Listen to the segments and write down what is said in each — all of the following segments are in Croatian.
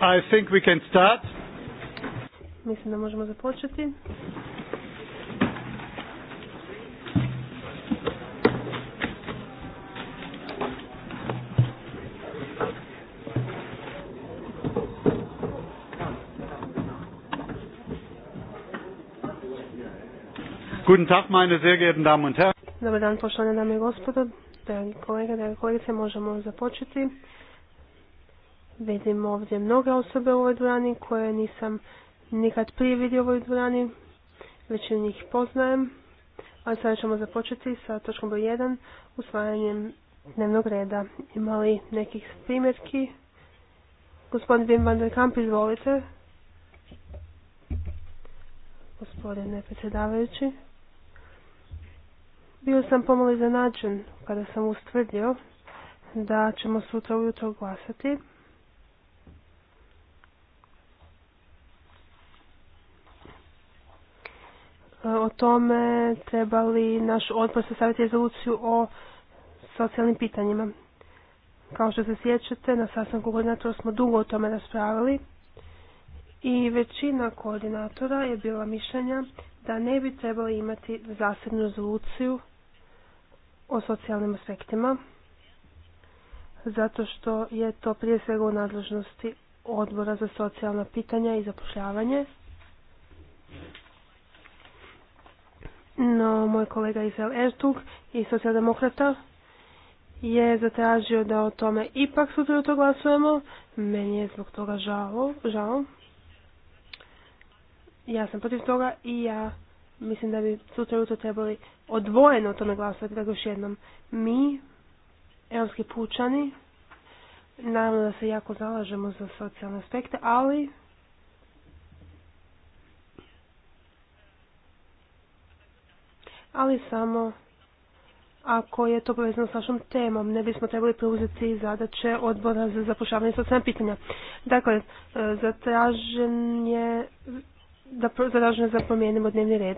I think we can start. Mislim da možemo započeti. Guten Tag, meine und Dobar dan, poštovane dame i gospodo, dragi kolega, dragi kolegice, možemo započeti. Vidim ovdje mnoge osobe u ovoj dvorani koje nisam nikad prije vidio u ovoj dvorani, većinu njih poznajem. ali sada ćemo započeti sa točkom broj 1, usvajanjem dnevnog reda. Imali nekih primjerki? Gospodin Wim van der Kamp, izvolite. Gospodine predsjedavajući. Bio sam pomalo iznenađen kada sam ustvrdio da ćemo sutra ujutro glasati. E, o tome treba li naš odbor staviti rezoluciju o socijalnim pitanjima. Kao što se sjećate, na sastanku koordinatora smo dugo o tome raspravili i većina koordinatora je bila mišljenja da ne bi trebali imati zasebnu rezoluciju o socijalnim aspektima, zato što je to prije svega u nadležnosti odbora za socijalna pitanja i zapošljavanje. No, moj kolega Isel Ertug i socijaldemokrata je zatražio da o tome ipak sutra to glasujemo. Meni je zbog toga žao. Ja sam protiv toga i ja mislim da bi sutra jutro trebali odvojeno to tome glasovati, još jednom. Mi, europski pučani, naravno da se jako zalažemo za socijalne aspekte, ali ali samo ako je to povezano s našom temom, ne bismo trebali preuzeti zadaće odbora za zapošljavanje socijalne pitanja. Dakle, e, zatražen je zaražene za promijenimo dnevni red.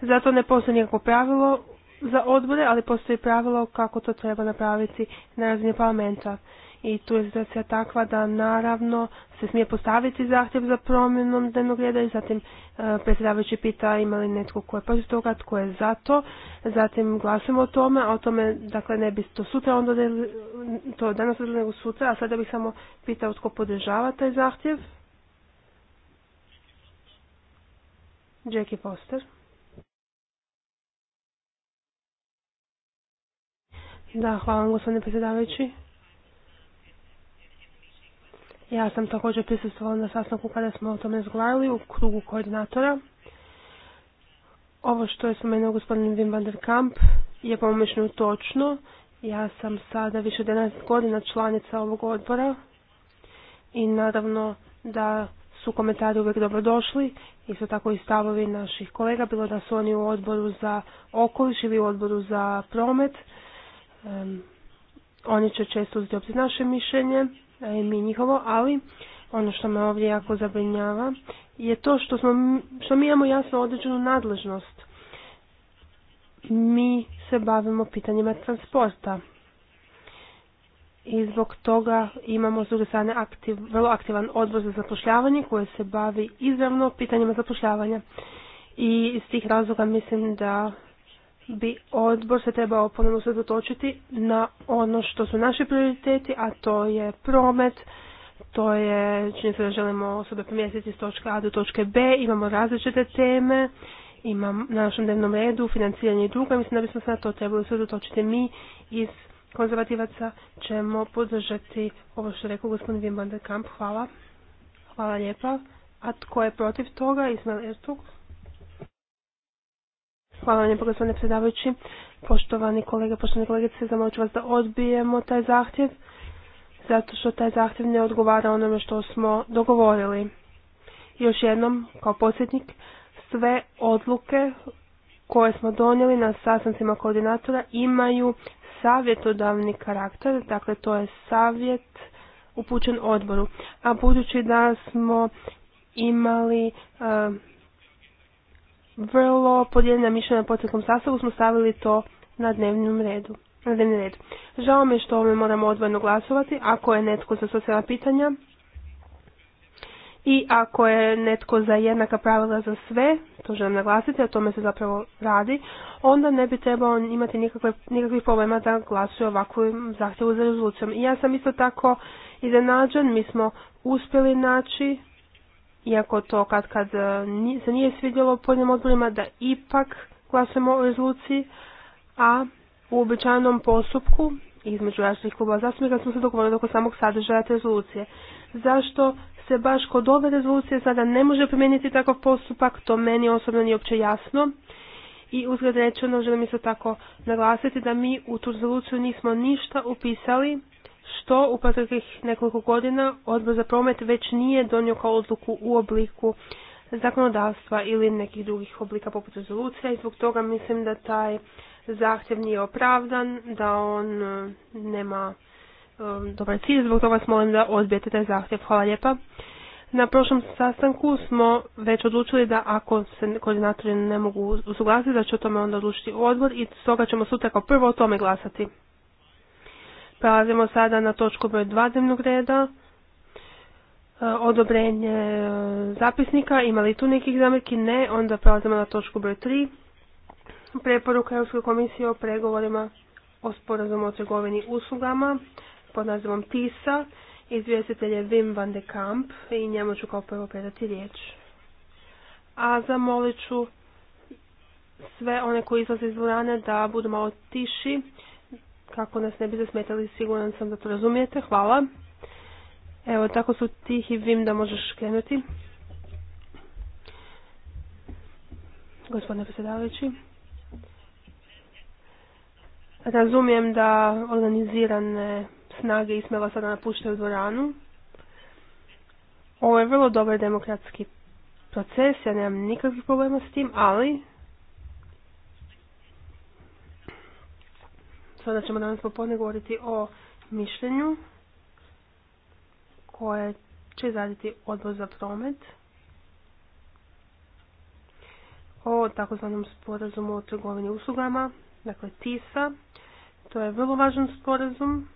Zato ne postoji nikakvo pravilo za odbore, ali postoji pravilo kako to treba napraviti na razini parlamenta. I tu je situacija takva da naravno se smije postaviti zahtjev za promjenom dnevnog reda i zatim e, predsjedavajući pita ima li netko ko je protiv toga, tko je za to. Zatim glasimo o tome, a o tome dakle ne bi to sutra onda deli, to danas nego sutra, a sada bih samo pitao tko podržava taj zahtjev. Jackie Foster. Da, hvala vam gospodine predsjedavajući. Ja sam također prisustvovala na sastanku kada smo o tome razgovarali u krugu koordinatora. Ovo što je spomenuo gospodin Wim van der Kamp je po točno. Ja sam sada više od 11 godina članica ovog odbora i naravno da su komentari uvijek dobrodošli, isto tako i stavovi naših kolega, bilo da su oni u odboru za okoliš ili u odboru za promet. oni će često uzeti naše mišljenje, i mi njihovo, ali ono što me ovdje jako zabrinjava je to što, smo, što mi imamo jasno određenu nadležnost. Mi se bavimo pitanjima transporta i zbog toga imamo s druge strane aktiv, vrlo aktivan odbor za zapošljavanje koje se bavi izravno pitanjima zapošljavanja. I iz tih razloga mislim da bi odbor se trebao ponovno usredotočiti na ono što su naši prioriteti, a to je promet, to je čini se da želimo osobe pomjestiti s točke A do točke B, imamo različite teme, imam na našem dnevnom redu financiranje i druga, mislim da bismo se na to trebali usredotočiti mi iz konzervativaca ćemo podržati ovo što je rekao gospodin Wim van der Kamp. Hvala. Hvala lijepa. A tko je protiv toga? Ismail Ertug. Hvala vam lijepo gospodine predsjedavajući. Poštovani kolege, poštovani kolegice, zamolit vas da odbijemo taj zahtjev, zato što taj zahtjev ne odgovara onome što smo dogovorili. Još jednom, kao podsjetnik, sve odluke koje smo donijeli na sastancima koordinatora imaju savjetodavni karakter, dakle to je savjet upućen odboru. A budući da smo imali eh, vrlo podijeljena mišljenja na potrekom sastavu, smo stavili to na dnevnom redu. dnevni red. Žao mi je što ovome moramo odvojno glasovati. Ako je netko za socijalna pitanja, i ako je netko za jednaka pravila za sve, to želim naglasiti, o tome se zapravo radi, onda ne bi trebao imati nikakve, nikakvih problema da glasuje ovakvu zahtjevu za rezolucijom. I ja sam isto tako iznenađen, mi smo uspjeli naći, iako to kad kad e, se nije svidjelo pojedinim odborima, da ipak glasujemo o rezoluciji, a u običajnom postupku između različitih klubova zastupnika smo se dogovorili oko samog sadržaja rezolucije. Zašto se baš kod ove rezolucije sada ne može promijeniti takav postupak, to meni osobno nije uopće jasno. I uzgled rečeno želim isto tako naglasiti da mi u tu rezoluciju nismo ništa upisali što u proteklih nekoliko godina odbor za promet već nije donio kao odluku u obliku zakonodavstva ili nekih drugih oblika poput rezolucija i zbog toga mislim da taj zahtjev nije opravdan, da on e, nema Um, dobar cilj, zbog toga vas molim da odbijete taj zahtjev. Hvala lijepa. Na prošlom sastanku smo već odlučili da ako se koordinatori ne mogu usuglasiti, da će o tome onda odlučiti odbor i stoga ćemo sutra kao prvo o tome glasati. Prelazimo sada na točku broj dva dnevnog reda. E, odobrenje e, zapisnika, ima li tu nekih zamjerki? Ne, onda prelazimo na točku broj tri. Preporuka Europske komisije o pregovorima o sporazumu o trgovini uslugama pod nazivom TISA. Izvjestitelj je Wim van de Kamp i njemu ću kao prvo predati riječ. A zamolit ću sve one koji izlaze iz dvorane da budu malo tiši kako nas ne bi zasmetali, siguran sam da to razumijete. Hvala. Evo, tako su tihi, vim da možeš krenuti. Gospodine predsjedavajući. Razumijem da organizirane snage Ismela sada napuštaju dvoranu. Ovo je vrlo dobar demokratski proces, ja nemam nikakvih problema s tim, ali sada ćemo danas popodne govoriti o mišljenju koje će izraditi odbor za promet o takozvanom sporazumu o trgovini uslugama, dakle TISA. To je vrlo važan sporazum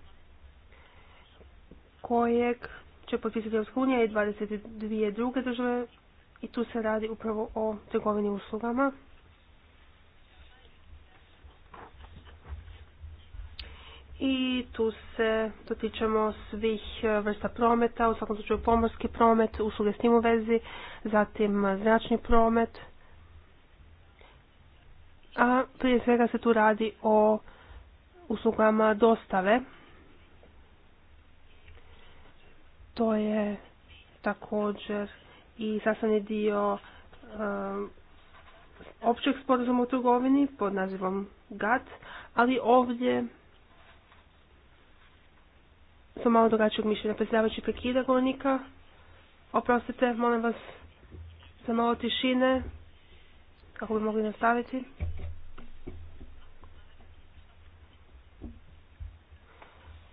kojeg će potpisati Europska unija i 22 druge države i tu se radi upravo o trgovini uslugama. I tu se dotičemo svih vrsta prometa, u svakom slučaju pomorski promet, usluge s tim u vezi, zatim zračni promet. A prije svega se tu radi o uslugama dostave To je također i sastavni dio um, općeg sporazuma u trgovini pod nazivom GAT, ali ovdje su malo drugačijeg mišljenja. Predsjedavajući prekida govornika. Oprostite, molim vas za malo tišine kako bi mogli nastaviti.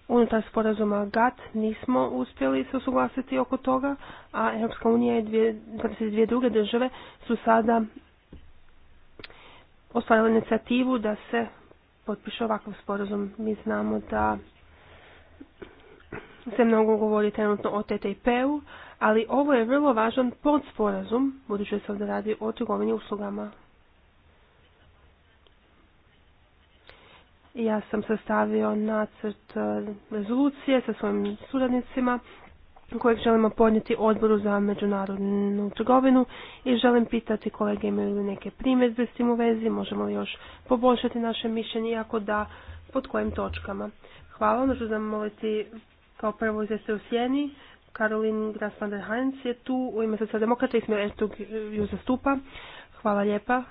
Unutar sporazuma GATT nismo uspjeli se usuglasiti oko toga, a Europska unija i 22 druge države su sada ostvarile inicijativu da se potpiše ovakav sporazum. Mi znamo da se mnogo govori trenutno o TTIP-u, ali ovo je vrlo važan podsporazum, budući da se ovdje radi o trgovini uslugama Ja sam sastavio nacrt e, rezolucije sa svojim suradnicima kojeg želimo podnijeti odboru za međunarodnu trgovinu i želim pitati kolege imaju li neke primjedbe s tim u vezi, možemo li još poboljšati naše mišljenje, iako da, pod kojim točkama. Hvala, možda ono ću zamoliti kao prvo iz u sjeni, Karolin Grasvander Heinz je tu u ime socijaldemokrata i smjer Ertug ju zastupa. Hvala lijepa,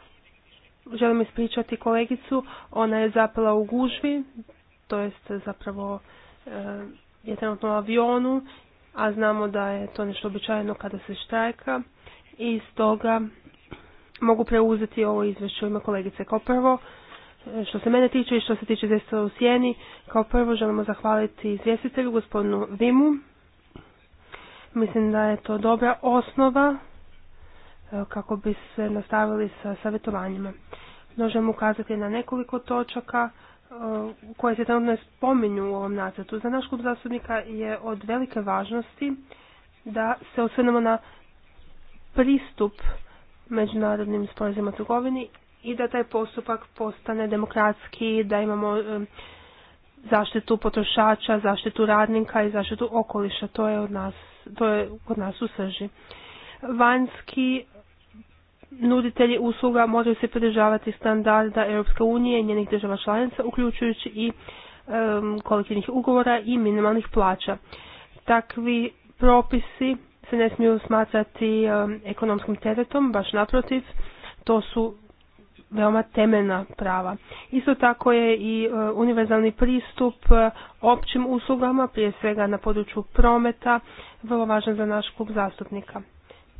želim ispričati kolegicu. Ona je zapela u gužvi, to jest zapravo e, je trenutno u avionu, a znamo da je to nešto običajeno kada se štrajka i stoga mogu preuzeti ovo izvješće u ime kolegice. Kao prvo, e, što se mene tiče i što se tiče Zestava u Sjeni, kao prvo želimo zahvaliti izvjestitelju gospodinu Vimu. Mislim da je to dobra osnova E, kako bi se nastavili sa savjetovanjima. Možemo ukazati na nekoliko točaka e, koje se trenutno spominju u ovom nacrtu. Za naš klub zastupnika je od velike važnosti da se osvrnemo na pristup međunarodnim sporazima trgovini i da taj postupak postane demokratski, da imamo e, zaštitu potrošača, zaštitu radnika i zaštitu okoliša. To je od nas, to je od nas u srži. Vanjski nuditelji usluga moraju se pridržavati standarda Europske unije i njenih država članica, uključujući i um, kolektivnih ugovora i minimalnih plaća. Takvi propisi se ne smiju smatrati ekonomskim teretom, baš naprotiv, to su veoma temeljna prava. Isto tako je i univerzalni pristup općim uslugama, prije svega na području prometa, vrlo važan za naš klub zastupnika.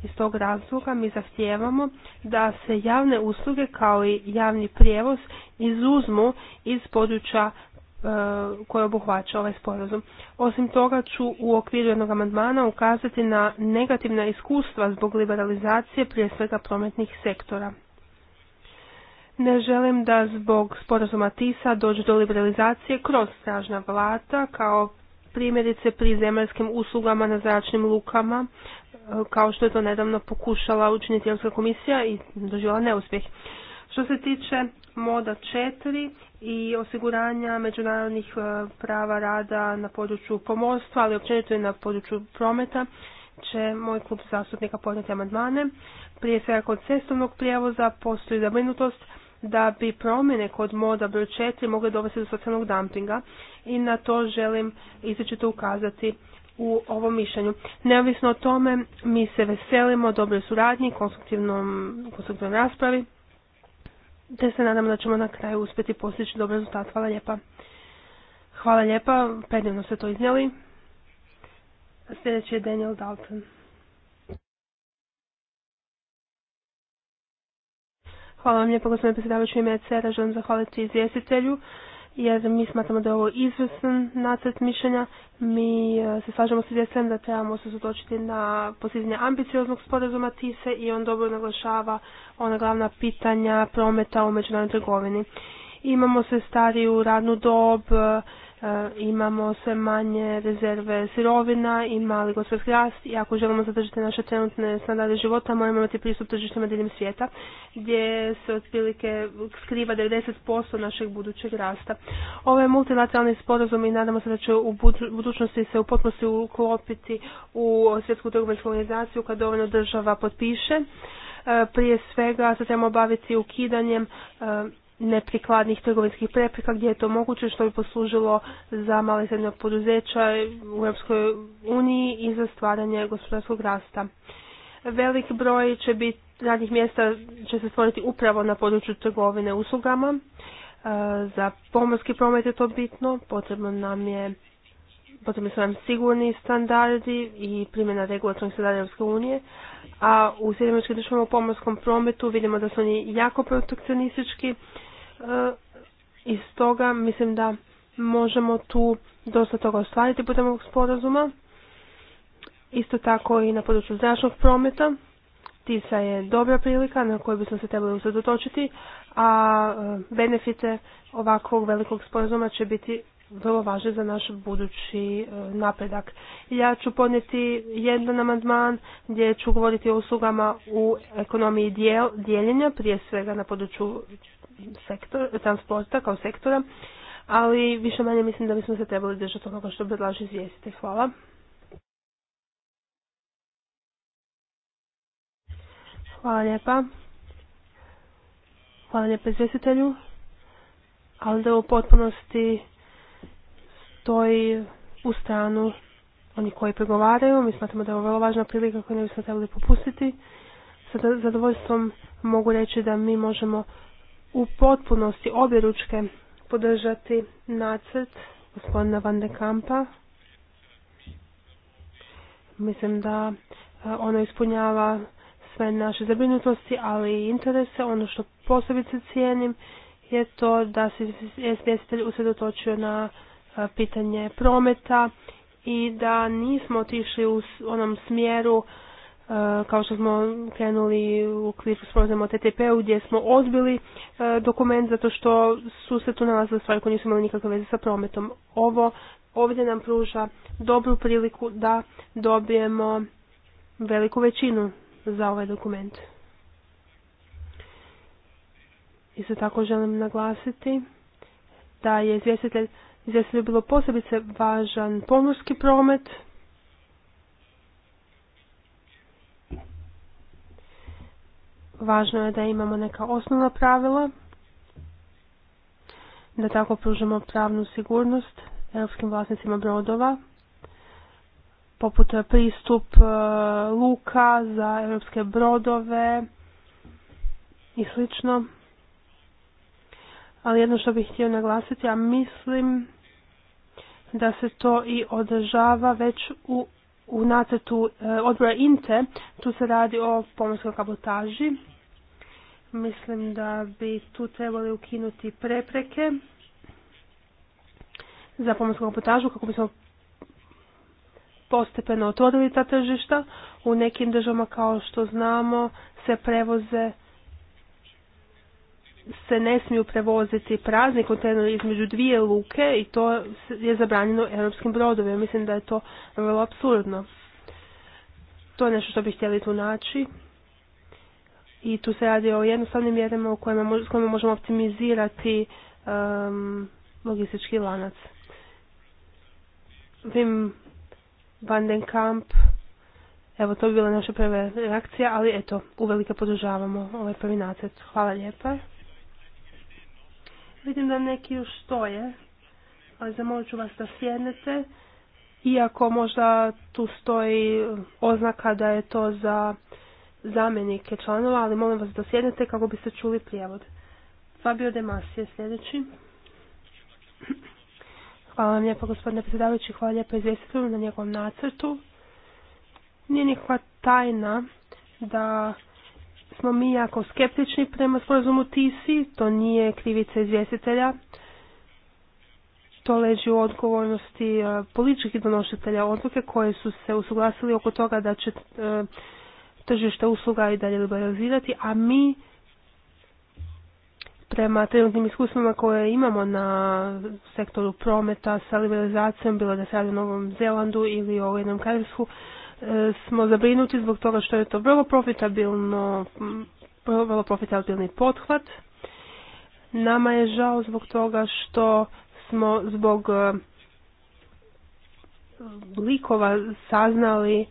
Iz tog razloga mi zahtijevamo da se javne usluge kao i javni prijevoz izuzmu iz područja e, koje obuhvaća ovaj sporazum. Osim toga ću u okviru jednog amandmana ukazati na negativna iskustva zbog liberalizacije prije svega prometnih sektora. Ne želim da zbog sporazuma TISA dođe do liberalizacije kroz stražna vlata kao primjerice pri zemaljskim uslugama na zračnim lukama, kao što je to nedavno pokušala učiniti Europska komisija i doživjela neuspjeh. Što se tiče moda 4 i osiguranja međunarodnih e, prava rada na području pomorstva, ali općenito i na području prometa, će moj klub zastupnika podnijeti amandmane. Prije svega kod cestovnog prijevoza postoji zabrinutost da bi promjene kod moda broj 4 mogle dovesti do socijalnog dumpinga i na to želim izričito ukazati u ovom mišljenju. Neovisno o tome, mi se veselimo dobroj suradnji, konstruktivnom, konstruktivnom raspravi, te se nadam da ćemo na kraju uspjeti postići dobar rezultat. Hvala lijepa. Hvala lijepa, predivno ste to iznijeli. Sljedeći je Daniel Dalton. Hvala vam lijepo gospodine predsjedavajući ime Cera. Želim zahvaliti izvjestitelju jer mi smatramo da je ovo izvrstan nacrt mišljenja. Mi e, se slažemo s izvjestljem da trebamo se zatočiti na postizanje ambicioznog sporazuma TISE i on dobro naglašava ona glavna pitanja prometa u međunarodnoj trgovini. Imamo se stariju radnu dob, E, imamo sve manje rezerve sirovina i mali gospodarski rast i ako želimo zadržati naše trenutne standarde života moramo imati pristup tržištima diljem svijeta gdje se otprilike skriva 90% našeg budućeg rasta. Ovo je multilateralni sporazum i nadamo se da će u budućnosti se u potpunosti uklopiti u svjetsku trgovinsku organizaciju kad dovoljno država potpiše. E, prije svega se trebamo baviti ukidanjem e, neprikladnih trgovinskih prepreka gdje je to moguće što bi poslužilo za male i srednje poduzeća u Europskoj uniji i za stvaranje gospodarskog rasta. Velik broj će biti radnih mjesta će se stvoriti upravo na području trgovine uslugama. E, za pomorski promet je to bitno, potrebno nam je potrebno su nam sigurni standardi i primjena regulatornih standarda Europske unije, a u Sjedinjeničkim državama pomorskom prometu vidimo da su oni jako protekcionistički E, i toga mislim da možemo tu dosta toga ostvariti putem ovog sporazuma. Isto tako i na području zračnog prometa. TISA je dobra prilika na kojoj bismo se trebali usredotočiti, a e, benefite ovakvog velikog sporazuma će biti vrlo važne za naš budući e, napredak. Ja ću podneti jedan amandman gdje ću govoriti o uslugama u ekonomiji dijeljenja, prije svega na području sektor, transporta kao sektora, ali više manje mislim da bismo se trebali držati onoga što predlaži izvijestite. Hvala. Hvala lijepa. Hvala lijepa izvjestitelju. Ali da u potpunosti stoji u stranu oni koji pregovaraju. Mi smatramo da je ovo vrlo važna prilika koju ne bismo trebali popustiti. Sa zadovoljstvom mogu reći da mi možemo u potpunosti objeručke podržati nacrt gospodina Van de Kampa. Mislim da e, ono ispunjava sve naše zabrinutosti, ali i interese. Ono što posebice cijenim je to da se izvjestitelj usredotočio na e, pitanje prometa i da nismo otišli u onom smjeru Eh, kao što smo krenuli u okviru sporazuma o TTP-u gdje smo odbili eh, dokument zato što su se tu nalazile stvari koje nisu imali nikakve veze sa prometom. Ovo ovdje nam pruža dobru priliku da dobijemo veliku većinu za ovaj dokument. I Isto tako želim naglasiti da je izvjestitelj, izvjestitelj bilo posebice važan pomorski promet, Važno je da imamo neka osnovna pravila, da tako pružimo pravnu sigurnost europskim vlasnicima brodova, poput e, pristup e, luka za europske brodove i slično. Ali jedno što bih htio naglasiti, a mislim da se to i održava već u u nacrtu e, odbora INTE, tu se radi o pomorskoj kabotaži. Mislim da bi tu trebali ukinuti prepreke za pomorsku kabotažu kako bismo postepeno otvorili ta tržišta. U nekim državama kao što znamo se prevoze se ne smiju prevoziti prazni kontejneri između dvije luke i to je zabranjeno europskim brodovima. Mislim da je to vrlo absurdno. To je nešto što bi htjeli tu naći. I tu se radi o jednostavnim mjerama u kojima, možemo optimizirati um, logistički lanac. Vim Van den Kamp, evo to bi bila naša prva reakcija, ali eto, uvelike podržavamo ovaj prvi nacet. Hvala lijepa. Vidim da neki još stoje, ali zamolit ću vas da sjednete, iako možda tu stoji oznaka da je to za zamjenike članova, ali molim vas da sjednete kako biste čuli prijevod. Fabio De Masi je sljedeći. Hvala vam lijepo gospodine predsjedavajući, hvala lijepo izvjestitelju na njegovom nacrtu. Nije nikakva tajna da smo mi jako skeptični prema sporazumu TISI, to nije krivica izvjestitelja, to leži u odgovornosti e, političkih donošitelja odluke koje su se usuglasili oko toga da će e, tržište usluga i dalje liberalizirati, a mi prema trenutnim iskustvima koje imamo na sektoru prometa sa liberalizacijom, bilo da se radi o Novom Zelandu ili o jednom Karibsku, E, smo zabrinuti zbog toga što je to vrlo profitabilno, vrlo profitabilni pothvat. Nama je žao zbog toga što smo zbog e, likova saznali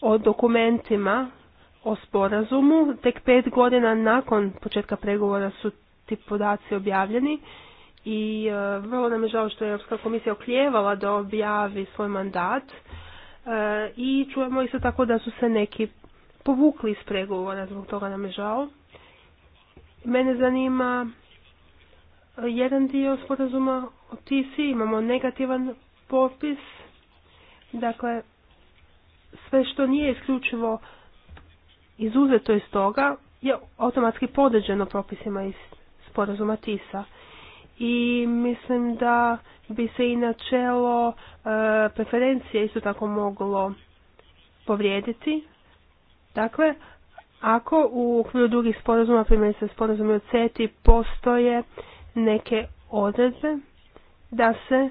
o dokumentima o sporazumu. Tek pet godina nakon početka pregovora su ti podaci objavljeni i e, vrlo nam je žao što je Europska komisija okljevala da objavi svoj mandat e, i čujemo isto tako da su se neki povukli iz pregovora, zbog toga nam je žao. Mene zanima e, jedan dio sporazuma o TISI, imamo negativan popis, dakle sve što nije isključivo izuzeto iz toga je automatski podređeno propisima iz sporazuma TISA i mislim da bi se i načelo e, preferencije isto tako moglo povrijediti. Dakle, ako u okviru drugih sporazuma, primjerice sporazumi o CETI, postoje neke odredbe da se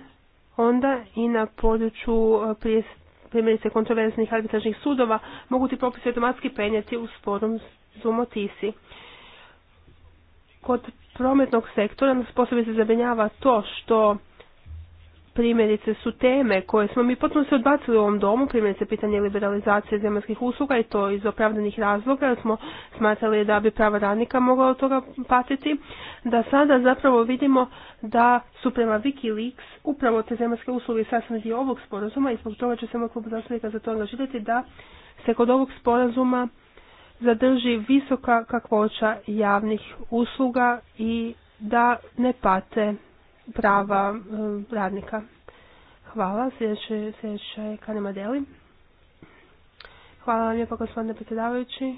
onda i na području e, primjerice kontroverznih arbitražnih sudova mogu ti propisi automatski penjeti u sporom zumotisi. Kod prometnog sektora nas posebno se zabrinjava to što primjerice su teme koje smo mi potpuno se odbacili u ovom domu, primjerice pitanje liberalizacije zemljskih usluga i to iz opravdanih razloga, jer smo smatrali da bi prava radnika mogla od toga patiti, da sada zapravo vidimo da su prema Wikileaks upravo te zemljske usluge sasvim ovog sporazuma i zbog toga će se moj klub zastupnika za to angažirati da se kod ovog sporazuma zadrži visoka kakvoća javnih usluga i da ne pate prava e, radnika. Hvala. Sljedeća, je Kanema Deli. Hvala vam lijepo gospodine predsjedavajući.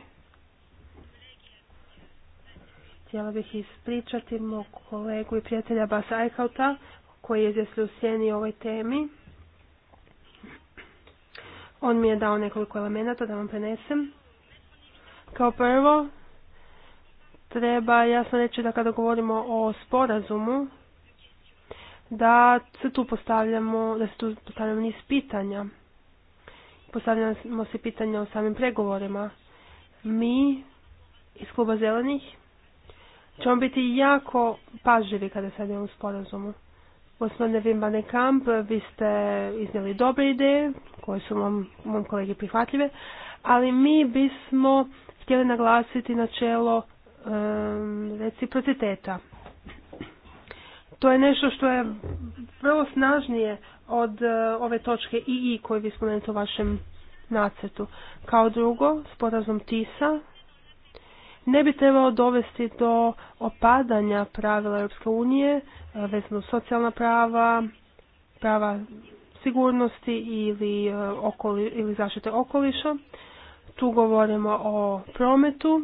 Htjela bih ispričati mog kolegu i prijatelja Basa Eichauta koji je izvjesli u sjeni ovoj temi. On mi je dao nekoliko elemenata da vam prenesem. Kao prvo, treba jasno reći da kada govorimo o sporazumu, da se tu postavljamo, da se tu postavljamo niz pitanja. Postavljamo se pitanja o samim pregovorima. Mi iz kluba zelenih ćemo biti jako pažljivi kada se u sporazumu. Gospodine Vimbane Kamp, vi ste iznijeli dobre ideje koje su mom, mom kolegi prihvatljive, ali mi bismo htjeli naglasiti načelo reciprociteta. To je nešto što je vrlo snažnije od e, ove točke II koje vi spomenuti u vašem nacrtu. Kao drugo, sporazum TISA ne bi trebalo dovesti do opadanja pravila Europske unije e, vezano socijalna prava, prava sigurnosti ili, e, okoli, ili zaštite okoliša. Tu govorimo o prometu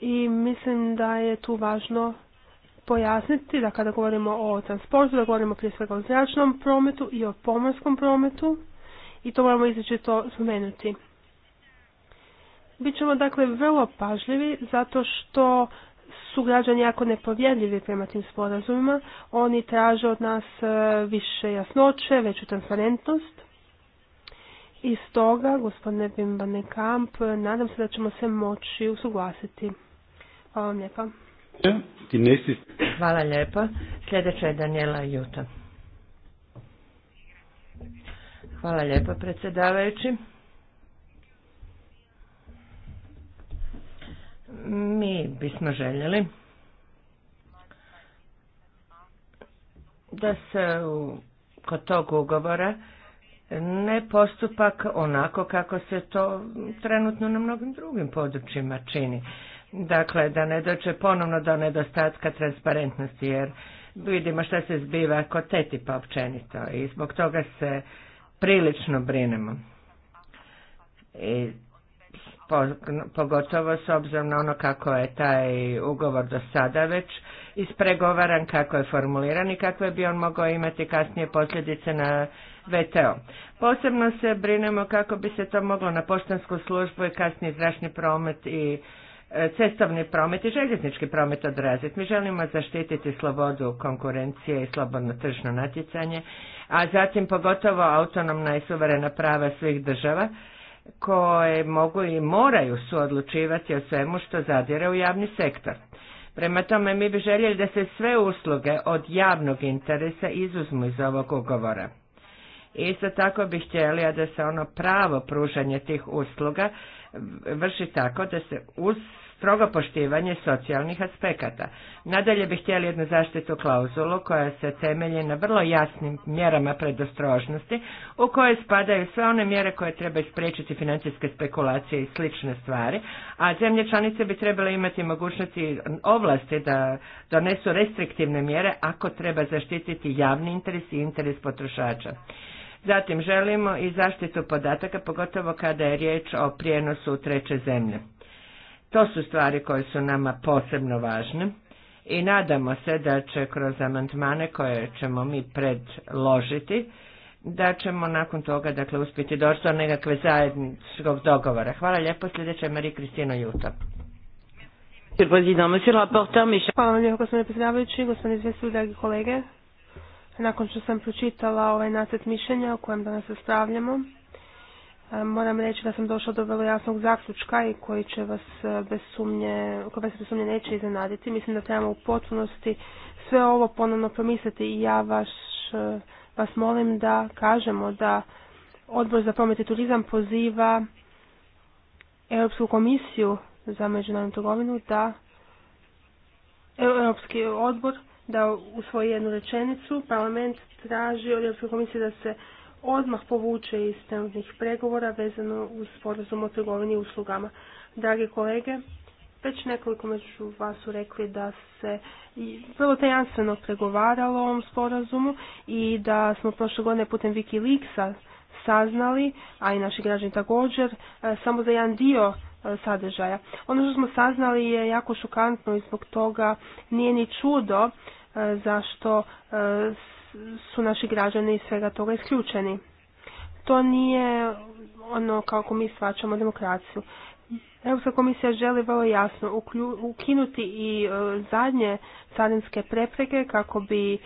i mislim da je tu važno pojasniti da kada govorimo o transportu, da govorimo prije svega o zračnom prometu i o pomorskom prometu i to moramo to spomenuti. Bićemo dakle vrlo pažljivi zato što su građani jako nepovjedljivi prema tim sporazumima. Oni traže od nas e, više jasnoće, veću transparentnost i stoga, gospodine Bimbane Kamp, nadam se da ćemo se moći usuglasiti. Hvala vam lijepa. Hvala lijepa. Sljedeća je Daniela Juta. Hvala lijepa predsjedavajući. Mi bismo željeli da se kod tog ugovora ne postupak onako kako se to trenutno na mnogim drugim područjima čini. Dakle, da ne dođe ponovno do nedostatka transparentnosti, jer vidimo što se zbiva kod te tipa općenito i zbog toga se prilično brinemo. I pogotovo s obzirom na ono kako je taj ugovor do sada već ispregovaran, kako je formuliran i kakve bi on mogao imati kasnije posljedice na VTO. Posebno se brinemo kako bi se to moglo na poštansku službu i kasnije zračni promet i e, cestovni promet i željeznički promet odraziti. Mi želimo zaštititi slobodu konkurencije i slobodno tržno natjecanje, a zatim pogotovo autonomna i suverena prava svih država koje mogu i moraju suodlučivati o svemu što zadire u javni sektor. Prema tome mi bi željeli da se sve usluge od javnog interesa izuzmu iz ovog ugovora. Isto tako bih htjeli da se ono pravo pružanje tih usluga vrši tako da se uz strogo poštivanje socijalnih aspekata. Nadalje bih htjeli jednu zaštitu klauzulu koja se temelji na vrlo jasnim mjerama predostrožnosti u koje spadaju sve one mjere koje treba ispriječiti financijske spekulacije i slične stvari, a zemlje članice bi trebale imati mogućnosti ovlasti da donesu restriktivne mjere ako treba zaštititi javni interes i interes potrošača. Zatim želimo i zaštitu podataka, pogotovo kada je riječ o prijenosu u treće zemlje. To su stvari koje su nama posebno važne i nadamo se da će kroz amandmane koje ćemo mi predložiti, da ćemo nakon toga dakle, uspjeti doći do nekakve zajedničkog dogovora. Hvala lijepo, sljedeća je Marija Kristino Juto. Hvala lijepo, gospodine predsjedavajući, gospodine izvjestitelj, dragi kolege. Nakon što sam pročitala ovaj nacet mišljenja o kojem danas raspravljamo, e, moram reći da sam došla do vrlo jasnog zaključka i koji će vas e, bez sumnje, koji vas bez sumnje neće iznenaditi. Mislim da trebamo u potpunosti sve ovo ponovno promisliti i ja vas, e, vas molim da kažemo da Odbor za promet i turizam poziva Europsku komisiju za međunarodnu trgovinu da Europski odbor da u svoju jednu rečenicu parlament traži od Europske komisije da se odmah povuče iz trenutnih pregovora vezano uz sporazum o trgovini i uslugama. Dragi kolege, već nekoliko među vas su rekli da se vrlo tajanstveno pregovaralo o ovom sporazumu i da smo prošle godine putem Wikileaksa saznali, a i naši građani također, e, samo za jedan dio sadržaja. Ono što smo saznali je jako šokantno i zbog toga nije ni čudo e, zašto e, su naši građani iz svega toga isključeni. To nije ono kako mi svačamo demokraciju. Europska komisija želi vrlo jasno ukinuti i e, zadnje carinske prepreke kako bi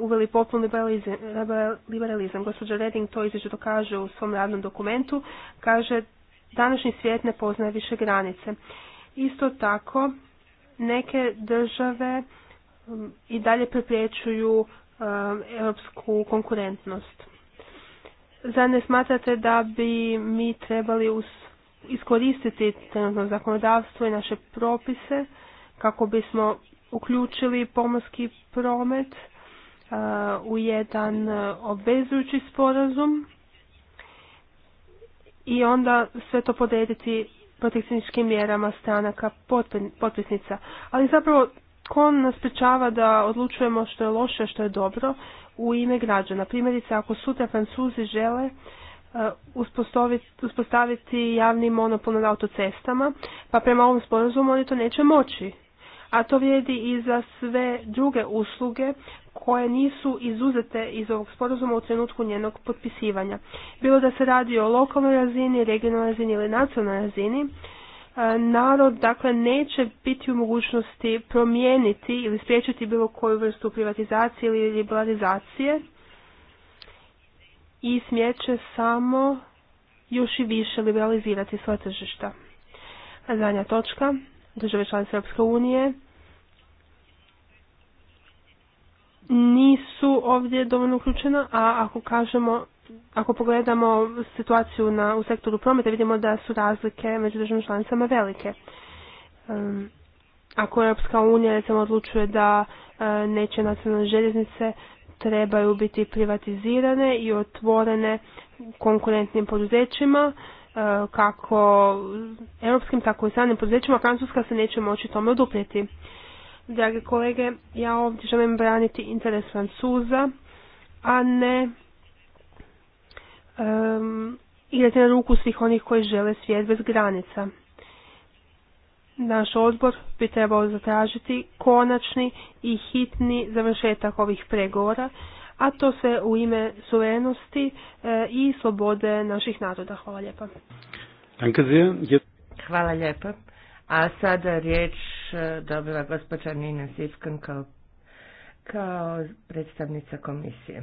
uveli potpuni liberalizam. Gospođa Reding to izvješće dokaže u svom radnom dokumentu. Kaže Današnji svijet ne poznaje više granice. Isto tako, neke države um, i dalje prepriječuju um, europsku konkurentnost. Zar ne smatrate da bi mi trebali iskoristiti trenutno zakonodavstvo i naše propise kako bismo uključili pomorski promet uh, u jedan uh, obvezujući sporazum i onda sve to podrediti protekcioničkim mjerama stranaka potpisnica. Ali zapravo kon nas pričava da odlučujemo što je loše, što je dobro u ime građana. Primjerice, ako sutra Francuzi žele e, uspostaviti javni monopol nad autocestama, pa prema ovom sporazumu oni to neće moći. A to vrijedi i za sve druge usluge koje nisu izuzete iz ovog sporazuma u trenutku njenog potpisivanja. Bilo da se radi o lokalnoj razini, regionalnoj razini ili nacionalnoj razini, e, narod dakle neće biti u mogućnosti promijeniti ili spriječiti bilo koju vrstu privatizacije ili liberalizacije i smjeće samo još i više liberalizirati svoje tržišta. Zadnja točka, države članice Europske unije nisu ovdje dovoljno uključena, a ako kažemo ako pogledamo situaciju na, u sektoru prometa, vidimo da su razlike među državnim članicama velike. ako Europska unija recimo odlučuje da e, neće nacionalne željeznice trebaju biti privatizirane i otvorene konkurentnim poduzećima, e, kako europskim, tako i stranim poduzećima, Francuska se neće moći tome oduprijeti. Drage kolege, ja ovdje želim braniti interes Francuza, a ne igrati na ruku svih onih koji žele svijet bez granica. Naš odbor bi trebao zatražiti konačni i hitni završetak ovih pregovora, a to se u ime suverenosti eh, i slobode naših naroda. Hvala lijepa. Hvala lijepa. A sada riječ E, dobila gospođa Nina Zivkan kao, kao predstavnica komisije.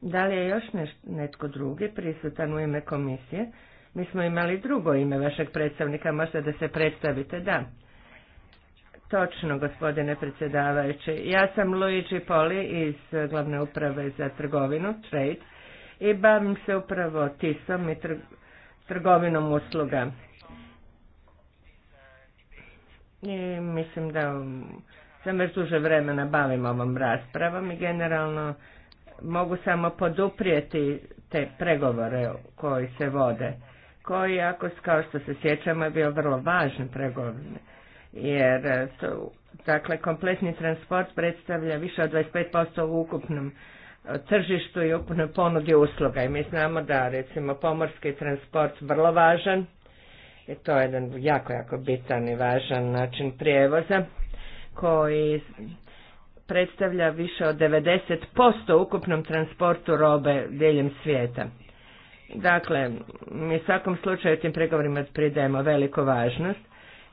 Da li je još netko drugi prisutan u ime komisije? Mi smo imali drugo ime vašeg predstavnika, možda da se predstavite, da. Točno, gospodine predsjedavajući. Ja sam Luigi Poli iz Glavne uprave za trgovinu, trade, i bavim se upravo tis i trgovinom trgovinom usluga. I mislim da sam već duže vremena bavim ovom raspravom i generalno mogu samo poduprijeti te pregovore koji se vode, koji ako kao što se sjećamo je bio vrlo važan pregovor, jer to, dakle kompletni transport predstavlja više od 25% u ukupnom tržištu i ukupnoj ponudi usluga. I mi znamo da recimo pomorski transport vrlo važan i to je jedan jako, jako bitan i važan način prijevoza koji predstavlja više od 90% ukupnom transportu robe diljem svijeta. Dakle, mi u svakom slučaju tim pregovorima pridajemo veliku važnost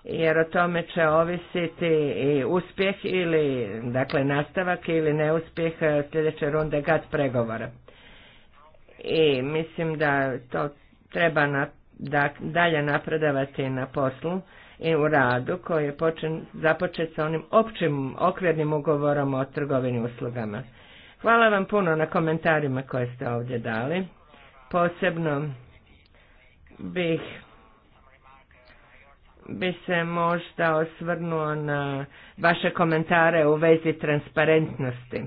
jer o tome će ovisiti i uspjeh ili, dakle, nastavak ili neuspjeh e, sljedeće runde GAT pregovora. I mislim da to treba na, da, dalje napredavati na poslu i u radu koji je počin započet sa onim općim okvirnim ugovorom o trgovini uslugama. Hvala vam puno na komentarima koje ste ovdje dali. Posebno bih bi se možda osvrnuo na vaše komentare u vezi transparentnosti.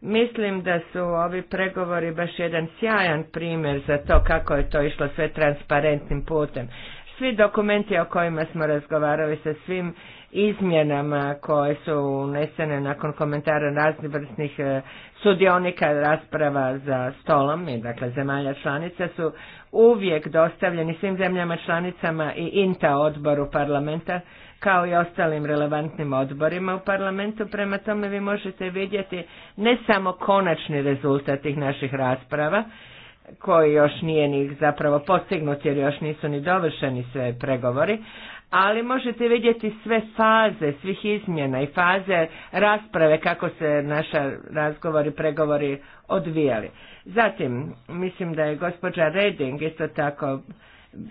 Mislim da su ovi pregovori baš jedan sjajan primjer za to kako je to išlo sve transparentnim putem. Svi dokumenti o kojima smo razgovarali sa svim izmjenama koje su unesene nakon komentara vrstnih e, sudionika rasprava za stolom i dakle zemalja članica su uvijek dostavljeni svim zemljama članicama i INTA odboru parlamenta kao i ostalim relevantnim odborima u parlamentu. Prema tome vi možete vidjeti ne samo konačni rezultat tih naših rasprava, koji još nije ni zapravo postignut jer još nisu ni dovršeni sve pregovori, ali možete vidjeti sve faze svih izmjena i faze rasprave kako se naša razgovori, pregovori odvijali. Zatim, mislim da je gospođa Reding isto tako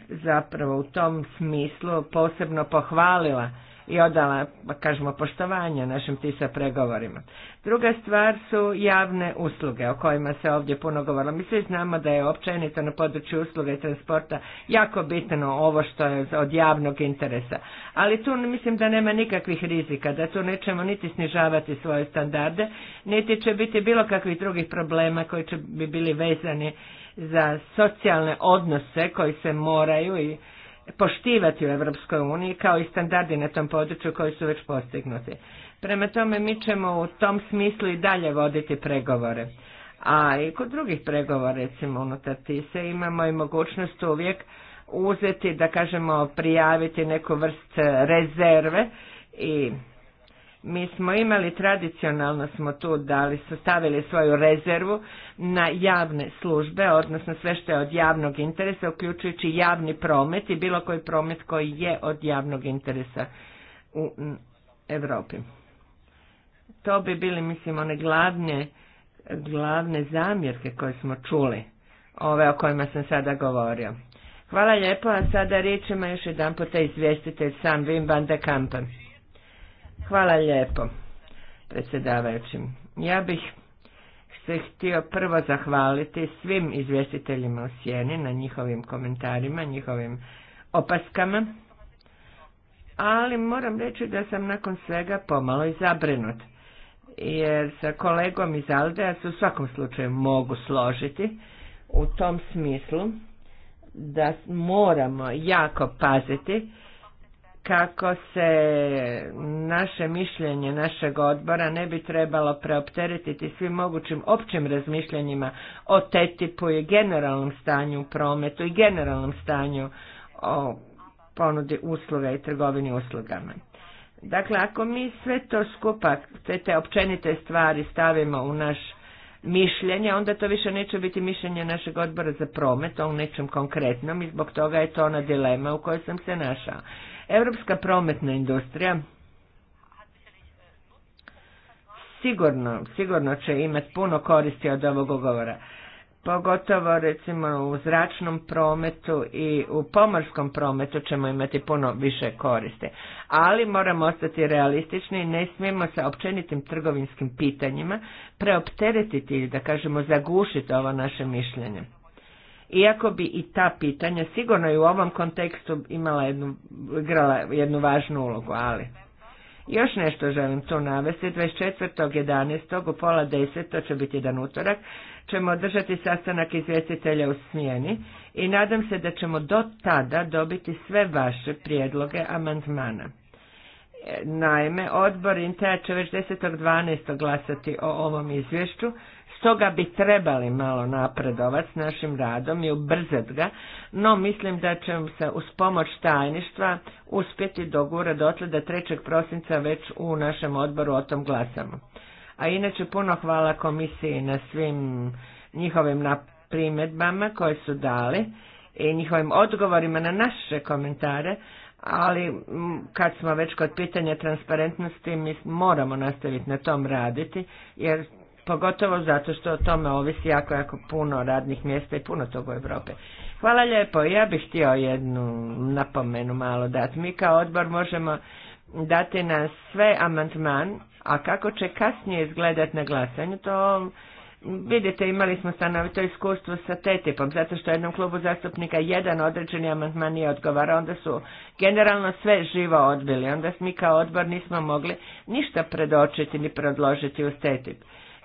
zapravo u tom smislu posebno pohvalila i odala, kažemo, poštovanje našim TISA pregovorima. Druga stvar su javne usluge o kojima se ovdje puno govorilo. Mi svi znamo da je općenito na području usluge i transporta jako bitno ovo što je od javnog interesa. Ali tu mislim da nema nikakvih rizika, da tu nećemo niti snižavati svoje standarde, niti će biti bilo kakvih drugih problema koji će bi bili vezani za socijalne odnose koji se moraju i poštivati u Europskoj uniji kao i standardi na tom području koji su već postignuti. Prema tome mi ćemo u tom smislu i dalje voditi pregovore. A i kod drugih pregovora, recimo unutar TISE, imamo i mogućnost uvijek uzeti, da kažemo, prijaviti neku vrst rezerve i mi smo imali tradicionalno smo tu dali, stavili svoju rezervu na javne službe, odnosno sve što je od javnog interesa, uključujući javni promet i bilo koji promet koji je od javnog interesa u Europi. To bi bili, mislim, one glavne, glavne zamjerke koje smo čuli, ove o kojima sam sada govorio. Hvala lijepo, a sada riječ još jedan puta izvjestitelj sam Wim van de Kampen. Hvala lijepo, predsjedavajući. Ja bih se htio prvo zahvaliti svim izvjestiteljima u sjeni na njihovim komentarima, njihovim opaskama, ali moram reći da sam nakon svega pomalo i zabrinut, jer sa kolegom iz Aldeja se u svakom slučaju mogu složiti u tom smislu da moramo jako paziti kako se naše mišljenje našeg odbora ne bi trebalo preopteretiti svim mogućim općim razmišljenjima o te tipu i generalnom stanju u prometu i generalnom stanju o ponudi usluga i trgovini uslugama. Dakle, ako mi sve to skupa, sve te općenite stvari stavimo u naš mišljenje, onda to više neće biti mišljenje našeg odbora za promet, o nečem konkretnom i zbog toga je to ona dilema u kojoj sam se našao. Europska prometna industrija sigurno, sigurno će imati puno koristi od ovog ugovora. Pogotovo recimo u zračnom prometu i u pomorskom prometu ćemo imati puno više koriste. Ali moramo ostati realistični i ne smijemo sa općenitim trgovinskim pitanjima preopteretiti ili da kažemo zagušiti ovo naše mišljenje iako bi i ta pitanja sigurno i u ovom kontekstu imala jednu, igrala jednu važnu ulogu, ali... Još nešto želim tu navesti, 24.11. u pola 10, to će biti dan utorak, ćemo održati sastanak izvjestitelja u smjeni i nadam se da ćemo do tada dobiti sve vaše prijedloge amandmana. E, naime, odbor in će već 10.12. glasati o ovom izvješću, toga bi trebali malo napredovati s našim radom i ubrzati ga, no mislim da ćemo se uz pomoć tajništva uspjeti dogura dotle da 3. prosinca već u našem odboru o tom glasamo. A inače puno hvala komisiji na svim njihovim primjedbama koje su dali i njihovim odgovorima na naše komentare, ali kad smo već kod pitanja transparentnosti, mi moramo nastaviti na tom raditi, jer pogotovo zato što o tome ovisi jako, jako puno radnih mjesta i puno toga u Europi. Hvala lijepo, ja bih htio jednu napomenu malo dati. Mi kao odbor možemo dati na sve amandman, a kako će kasnije izgledati na glasanju, to vidite, imali smo stanovito iskustvo sa TTIP-om, zato što jednom klubu zastupnika jedan određeni amantman nije odgovara, onda su generalno sve živo odbili, onda mi kao odbor nismo mogli ništa predočiti ni predložiti uz TTIP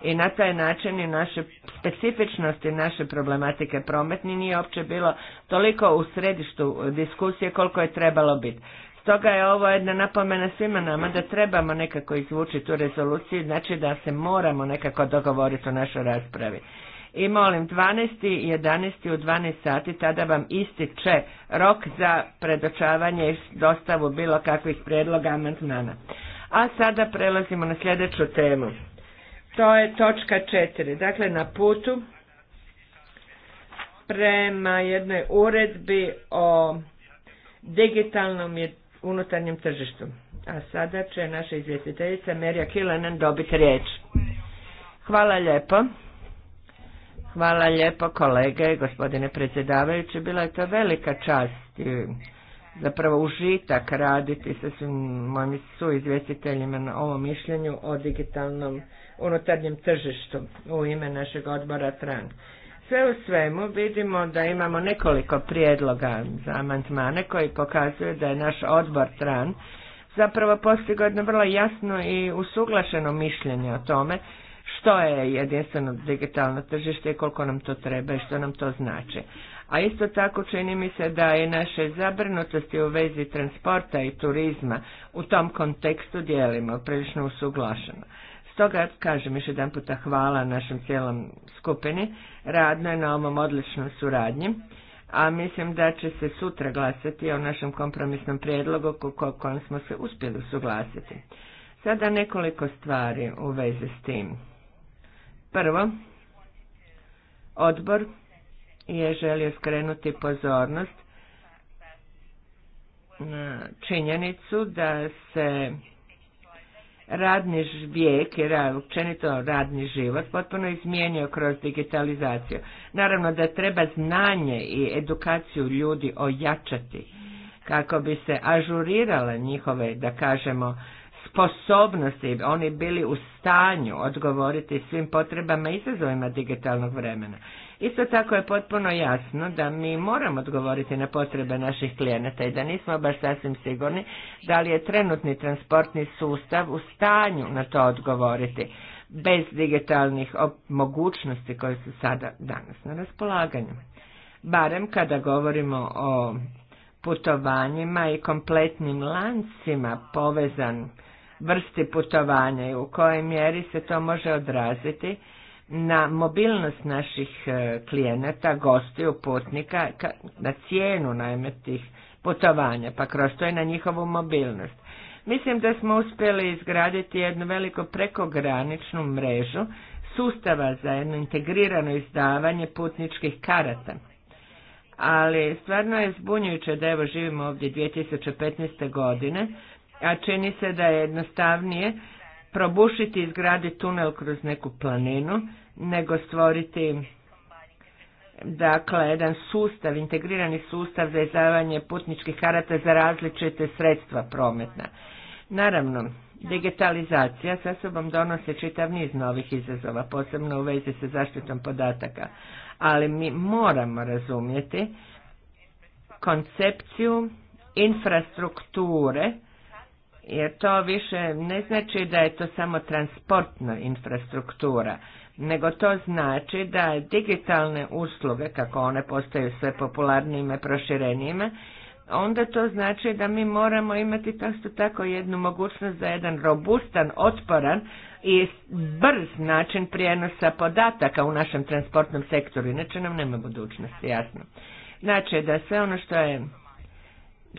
i na taj način i naše specifičnosti naše problematike prometni nije uopće bilo toliko u središtu diskusije koliko je trebalo biti. Stoga je ovo jedna napomena svima nama da trebamo nekako izvući tu rezoluciju, znači da se moramo nekako dogovoriti o našoj raspravi. I molim, 12. 11. u 12 sati tada vam ističe rok za predočavanje i dostavu bilo kakvih predloga amandmana. A sada prelazimo na sljedeću temu. To je točka četiri. Dakle, na putu prema jednoj uredbi o digitalnom unutarnjem tržištu. A sada će naša izvjestiteljica Merija Kilenan dobiti riječ. Hvala lijepo. Hvala lijepo kolege, gospodine predsjedavajući. Bila je to velika čast i zapravo užitak raditi sa svim mojim suizvjestiteljima na ovom mišljenju o digitalnom unutarnjem tržištu u ime našeg odbora TRAN. Sve u svemu vidimo da imamo nekoliko prijedloga za amandmane koji pokazuju da je naš odbor TRAN zapravo postigao jedno vrlo jasno i usuglašeno mišljenje o tome što je jedinstveno digitalno tržište i koliko nam to treba i što nam to znači. A isto tako čini mi se da je naše zabrinutosti u vezi transporta i turizma u tom kontekstu dijelimo prilično usuglašeno. Stoga kažem još jedan puta hvala našem cijelom skupini, radno je na ovom odličnom suradnji, a mislim da će se sutra glasati o našem kompromisnom prijedlogu o kojem smo se uspjeli usuglasiti. Sada nekoliko stvari u vezi s tim. Prvo, odbor je želio skrenuti pozornost na činjenicu da se radni vijek i općenito radni život potpuno izmijenio kroz digitalizaciju. Naravno da treba znanje i edukaciju ljudi ojačati kako bi se ažurirale njihove, da kažemo, sposobnosti, oni bili u stanju odgovoriti svim potrebama i izazovima digitalnog vremena. Isto tako je potpuno jasno da mi moramo odgovoriti na potrebe naših klijenata i da nismo baš sasvim sigurni da li je trenutni transportni sustav u stanju na to odgovoriti bez digitalnih mogućnosti koje su sada danas na raspolaganju. Barem kada govorimo o putovanjima i kompletnim lancima povezan vrsti putovanja i u kojoj mjeri se to može odraziti na mobilnost naših e, klijenata, gostiju, putnika, na cijenu najme tih putovanja, pa kroz to je na njihovu mobilnost. Mislim da smo uspjeli izgraditi jednu veliko prekograničnu mrežu sustava za jedno integrirano izdavanje putničkih karata. Ali stvarno je zbunjujuće da evo živimo ovdje 2015. godine, a čini se da je jednostavnije probušiti i izgraditi tunel kroz neku planinu, nego stvoriti dakle jedan sustav, integrirani sustav za izdavanje putničkih karata za različite sredstva prometna. Naravno, digitalizacija sa sobom donose čitav niz novih izazova, posebno u vezi sa zaštitom podataka, ali mi moramo razumjeti koncepciju infrastrukture jer to više ne znači da je to samo transportna infrastruktura, nego to znači da digitalne usluge, kako one postaju sve popularnijima i proširenijima, onda to znači da mi moramo imati tako jednu mogućnost za jedan robustan, otporan i brz način prijenosa podataka u našem transportnom sektoru, inače nam nema budućnosti, jasno. Znači da sve ono što je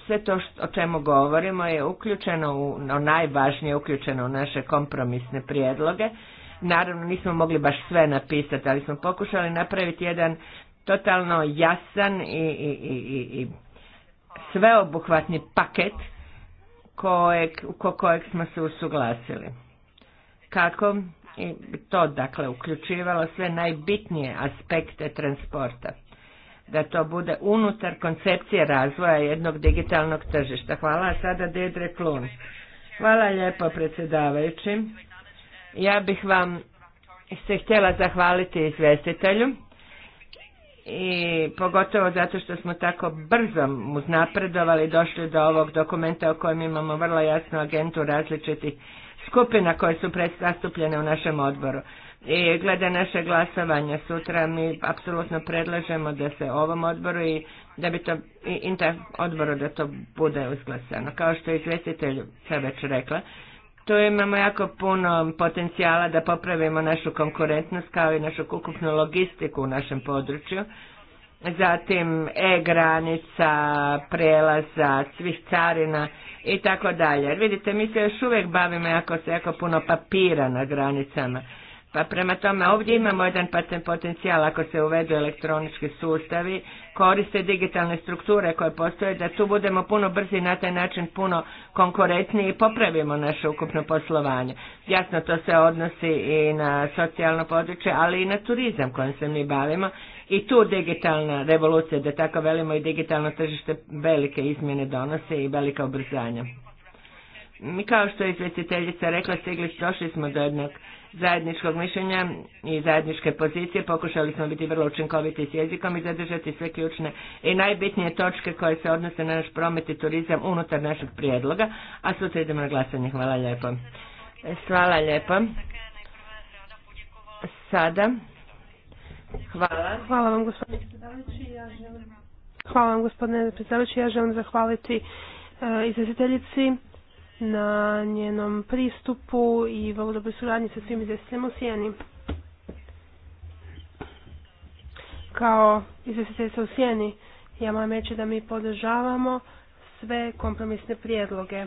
sve to što, o čemu govorimo je uključeno u, no najvažnije uključeno u naše kompromisne prijedloge. Naravno nismo mogli baš sve napisati, ali smo pokušali napraviti jedan totalno jasan i, i, i, i sveobuhvatni paket kojeg, kojeg smo se usuglasili. Kako? I to dakle uključivalo sve najbitnije aspekte transporta da to bude unutar koncepcije razvoja jednog digitalnog tržišta. Hvala, sada Dedre Klun. Hvala lijepo predsjedavajući. Ja bih vam se htjela zahvaliti izvjestitelju i pogotovo zato što smo tako brzo uznapredovali došli do ovog dokumenta o kojem imamo vrlo jasnu agentu različitih skupina koje su predstavljene u našem odboru. I glede naše glasovanje sutra mi apsolutno predlažemo da se ovom odboru i da bi to i inter odboru da to bude izglasano. Kao što je izvjestitelj se već rekla, tu imamo jako puno potencijala da popravimo našu konkurentnost kao i našu ukupnu logistiku u našem području. Zatim e-granica, prelaza, svih carina i tako dalje. Vidite, mi se još uvijek bavimo jako se jako puno papira na granicama pa prema tome ovdje imamo jedan potencijal ako se uvedu elektronički sustavi, koriste digitalne strukture koje postoje, da tu budemo puno brzi i na taj način puno konkurentniji i popravimo naše ukupno poslovanje. Jasno to se odnosi i na socijalno područje, ali i na turizam kojim se mi bavimo i tu digitalna revolucija, da tako velimo i digitalno tržište velike izmjene donose i velika ubrzanja. Mi kao što je izvjestiteljica rekla, stigli, došli smo do jednog zajedničkog mišljenja i zajedničke pozicije pokušali smo biti vrlo učinkoviti s jezikom i zadržati sve ključne i najbitnije točke koje se odnose na naš promet i turizam unutar našeg prijedloga, a sutra idemo na glasanje. Hvala lijepo. Hvala lijepo. Sada. Hvala. Hvala vam gospodine predsjedavajući. Ja želim... Hvala vam gospodine Ja želim zahvaliti uh, izvjestiteljici na njenom pristupu i vrlo dobroj suradnji sa svim izvjestiteljima u Sijeni, Kao izvjestiteljica u Sjeni, ja moram reći da mi podržavamo sve kompromisne prijedloge.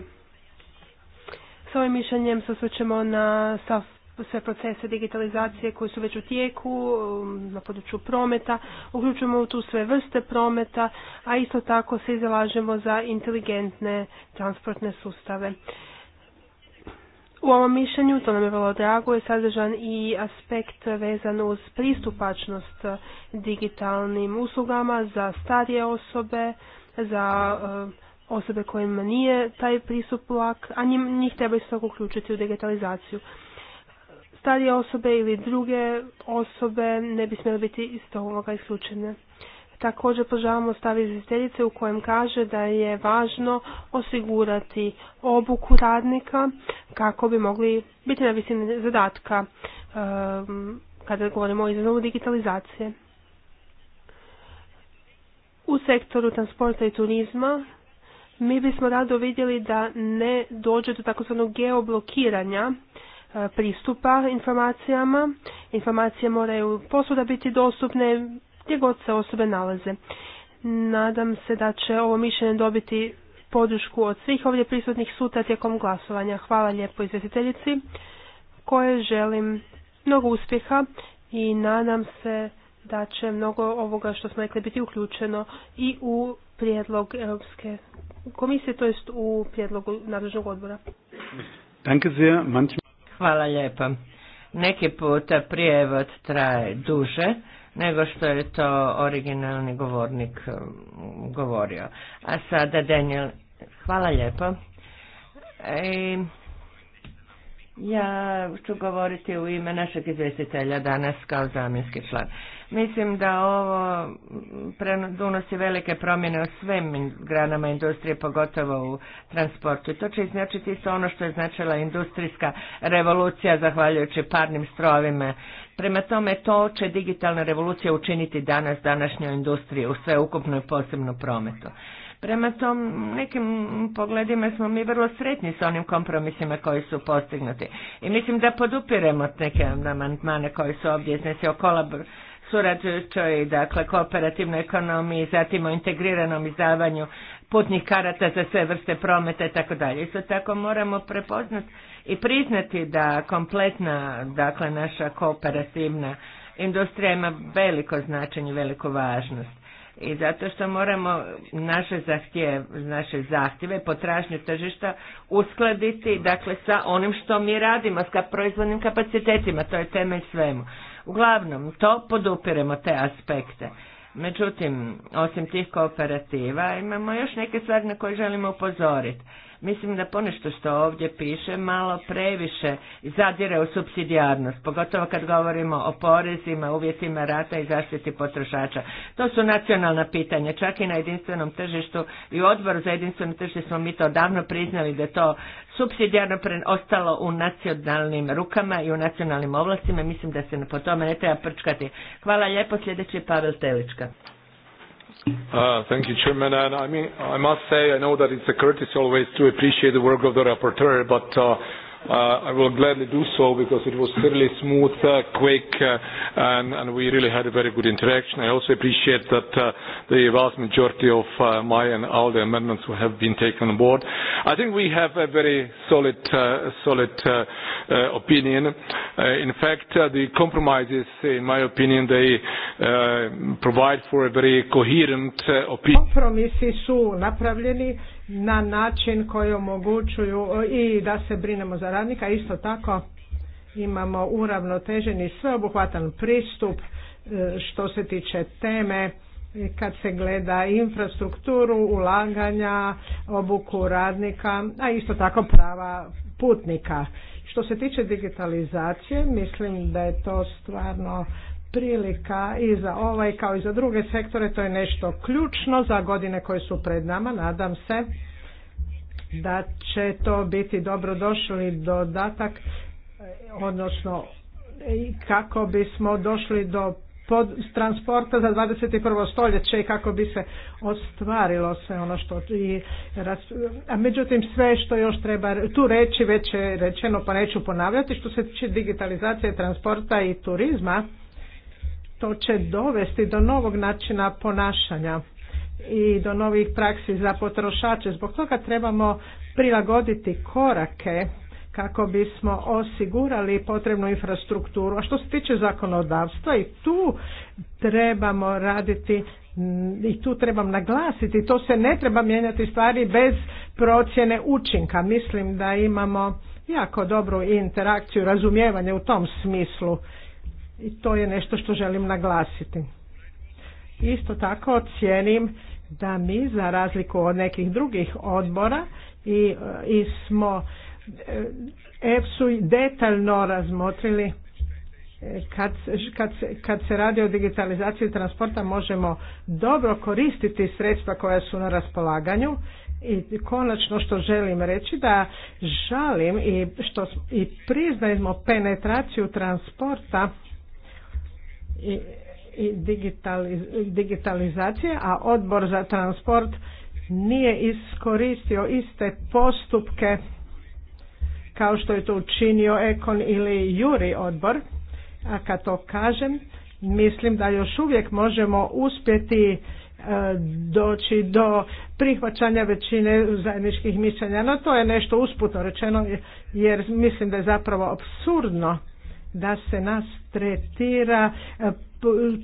S ovim mišljenjem se osvrćemo na stav sve procese digitalizacije koji su već u tijeku um, na području prometa, uključujemo u tu sve vrste prometa, a isto tako se izalažemo za inteligentne transportne sustave. U ovom mišljenju, to nam je vrlo drago, je sadržan i aspekt vezan uz pristupačnost digitalnim uslugama za starije osobe, za um, osobe kojima nije taj pristup lak, a njih treba isto uključiti u digitalizaciju starije osobe ili druge osobe ne bi smjeli biti iz ovoga isključene. Također podržavamo stav izvjestiteljice u kojem kaže da je važno osigurati obuku radnika kako bi mogli biti na visini zadatka um, kada govorimo o izazovu digitalizacije. U sektoru transporta i turizma mi bismo rado vidjeli da ne dođe do takozvanog geoblokiranja E, pristupa informacijama. Informacije moraju posuda biti dostupne gdje god se osobe nalaze. Nadam se da će ovo mišljenje dobiti podršku od svih ovdje prisutnih suta tijekom glasovanja. Hvala lijepo izvjestiteljici koje želim mnogo uspjeha i nadam se da će mnogo ovoga što smo rekli biti uključeno i u prijedlog Europske komisije, to jest u prijedlogu nadležnog odbora. Danke sehr. Hvala lijepa. Neki puta prijevod traje duže nego što je to originalni govornik um, govorio. A sada Daniel, hvala lijepo. E, ja ću govoriti u ime našeg izvjestitelja danas kao zamjenski član. Mislim da ovo donosi velike promjene u svim granama industrije, pogotovo u transportu. to će iznačiti isto ono što je značila industrijska revolucija zahvaljujući parnim strojevima. Prema tome, to će digitalna revolucija učiniti danas, današnjoj industriji, u sveukupnoj posebno prometu. Prema tom nekim pogledima smo mi vrlo sretni s onim kompromisima koji su postignuti. I mislim da podupiremo neke amandmane koji su ovdje iznesi o surađujućoj, dakle, kooperativnoj ekonomiji, zatim o integriranom izdavanju putnih karata za sve vrste prometa i tako dalje. Isto tako moramo prepoznati i priznati da kompletna, dakle, naša kooperativna industrija ima veliko značenje, veliku važnost. I zato što moramo naše zahtjeve, naše zahtjeve, potražnje tržišta uskladiti dakle sa onim što mi radimo, sa proizvodnim kapacitetima, to je temelj svemu. Uglavnom, to podupiremo te aspekte. Međutim, osim tih kooperativa, imamo još neke stvari na koje želimo upozoriti. Mislim da ponešto što ovdje piše malo previše zadire u subsidijarnost, pogotovo kad govorimo o porezima, uvjetima rata i zaštiti potrošača. To su nacionalna pitanja, čak i na jedinstvenom tržištu i u odboru za jedinstveno tržište smo mi to davno priznali da to subsidijarno ostalo u nacionalnim rukama i u nacionalnim ovlastima. Mislim da se po tome ne treba prčkati. Hvala lijepo, sljedeći je Pavel Telička. Uh, thank you, Chairman. And I mean, I must say, I know that it's a courtesy always to appreciate the work of the rapporteur, but uh, Uh, I will gladly do so because it was fairly smooth, uh, quick, uh, and, and we really had a very good interaction. I also appreciate that uh, the vast majority of uh, my and all the amendments have been taken on board. I think we have a very solid, uh, solid uh, uh, opinion. Uh, in fact, uh, the compromises, in my opinion, they uh, provide for a very coherent uh, opinion na način koji omogućuju e, i da se brinemo za radnika. Isto tako imamo uravnoteženi sveobuhvatan pristup e, što se tiče teme kad se gleda infrastrukturu, ulaganja, obuku radnika, a isto tako prava putnika. Što se tiče digitalizacije, mislim da je to stvarno prilika i za ovaj kao i za druge sektore, to je nešto ključno za godine koje su pred nama, nadam se da će to biti dobro dobrodošli dodatak, odnosno kako bismo došli do transporta za 21. stoljeće i kako bi se ostvarilo sve ono što i a međutim sve što još treba tu reći već je rečeno pa neću ponavljati što se tiče digitalizacije transporta i turizma to će dovesti do novog načina ponašanja i do novih praksi za potrošače. Zbog toga trebamo prilagoditi korake kako bismo osigurali potrebnu infrastrukturu. A što se tiče zakonodavstva i tu trebamo raditi i tu trebam naglasiti, to se ne treba mijenjati stvari bez procjene učinka. Mislim da imamo jako dobru interakciju, razumijevanje u tom smislu i to je nešto što želim naglasiti. Isto tako cijenim da mi za razliku od nekih drugih odbora i, i smo EFSU detaljno razmotrili e, kad, kad, kad se radi o digitalizaciji transporta možemo dobro koristiti sredstva koja su na raspolaganju i konačno što želim reći da žalim i što i priznajemo penetraciju transporta i, i digitalizacije, a odbor za transport nije iskoristio iste postupke kao što je to učinio Ekon ili Juri odbor. A kad to kažem, mislim da još uvijek možemo uspjeti e, doći do prihvaćanja većine zajedničkih mišljenja. No to je nešto usputno rečeno jer mislim da je zapravo absurdno da se nas tretira e,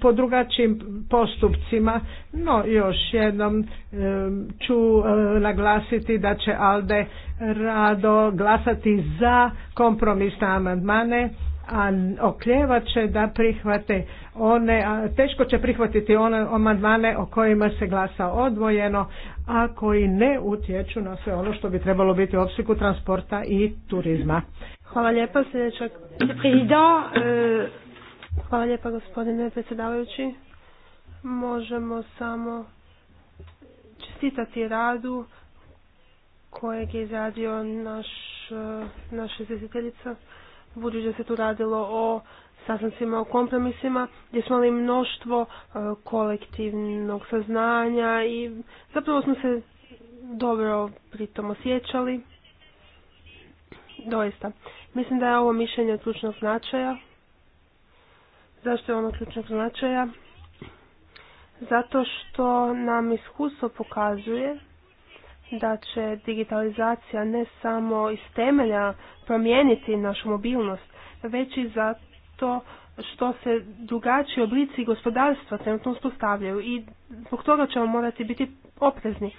po drugačijim postupcima, no još jednom e, ću e, naglasiti da će ALDE rado glasati za kompromisne amandmane, a okljevat će da prihvate one, teško će prihvatiti one amandmane o kojima se glasa odvojeno, a koji ne utječu na sve ono što bi trebalo biti u opsiku transporta i turizma. Hvala lijepa, sljedeća e, Hvala lijepa gospodine predsjedavajući. Možemo samo čestitati radu kojeg je izradio naš, e, naša izvjestiteljica, budući da se tu radilo o sastancima o kompromisima, gdje smo imali mnoštvo e, kolektivnog saznanja i zapravo smo se dobro pritom osjećali. Doista. Mislim da je ovo mišljenje od ključnog značaja. Zašto je ono ključnog značaja? Zato što nam iskustvo pokazuje da će digitalizacija ne samo iz temelja promijeniti našu mobilnost, već i zato to što se drugačiji oblici gospodarstva trenutno uspostavljaju i zbog toga ćemo morati biti oprezni.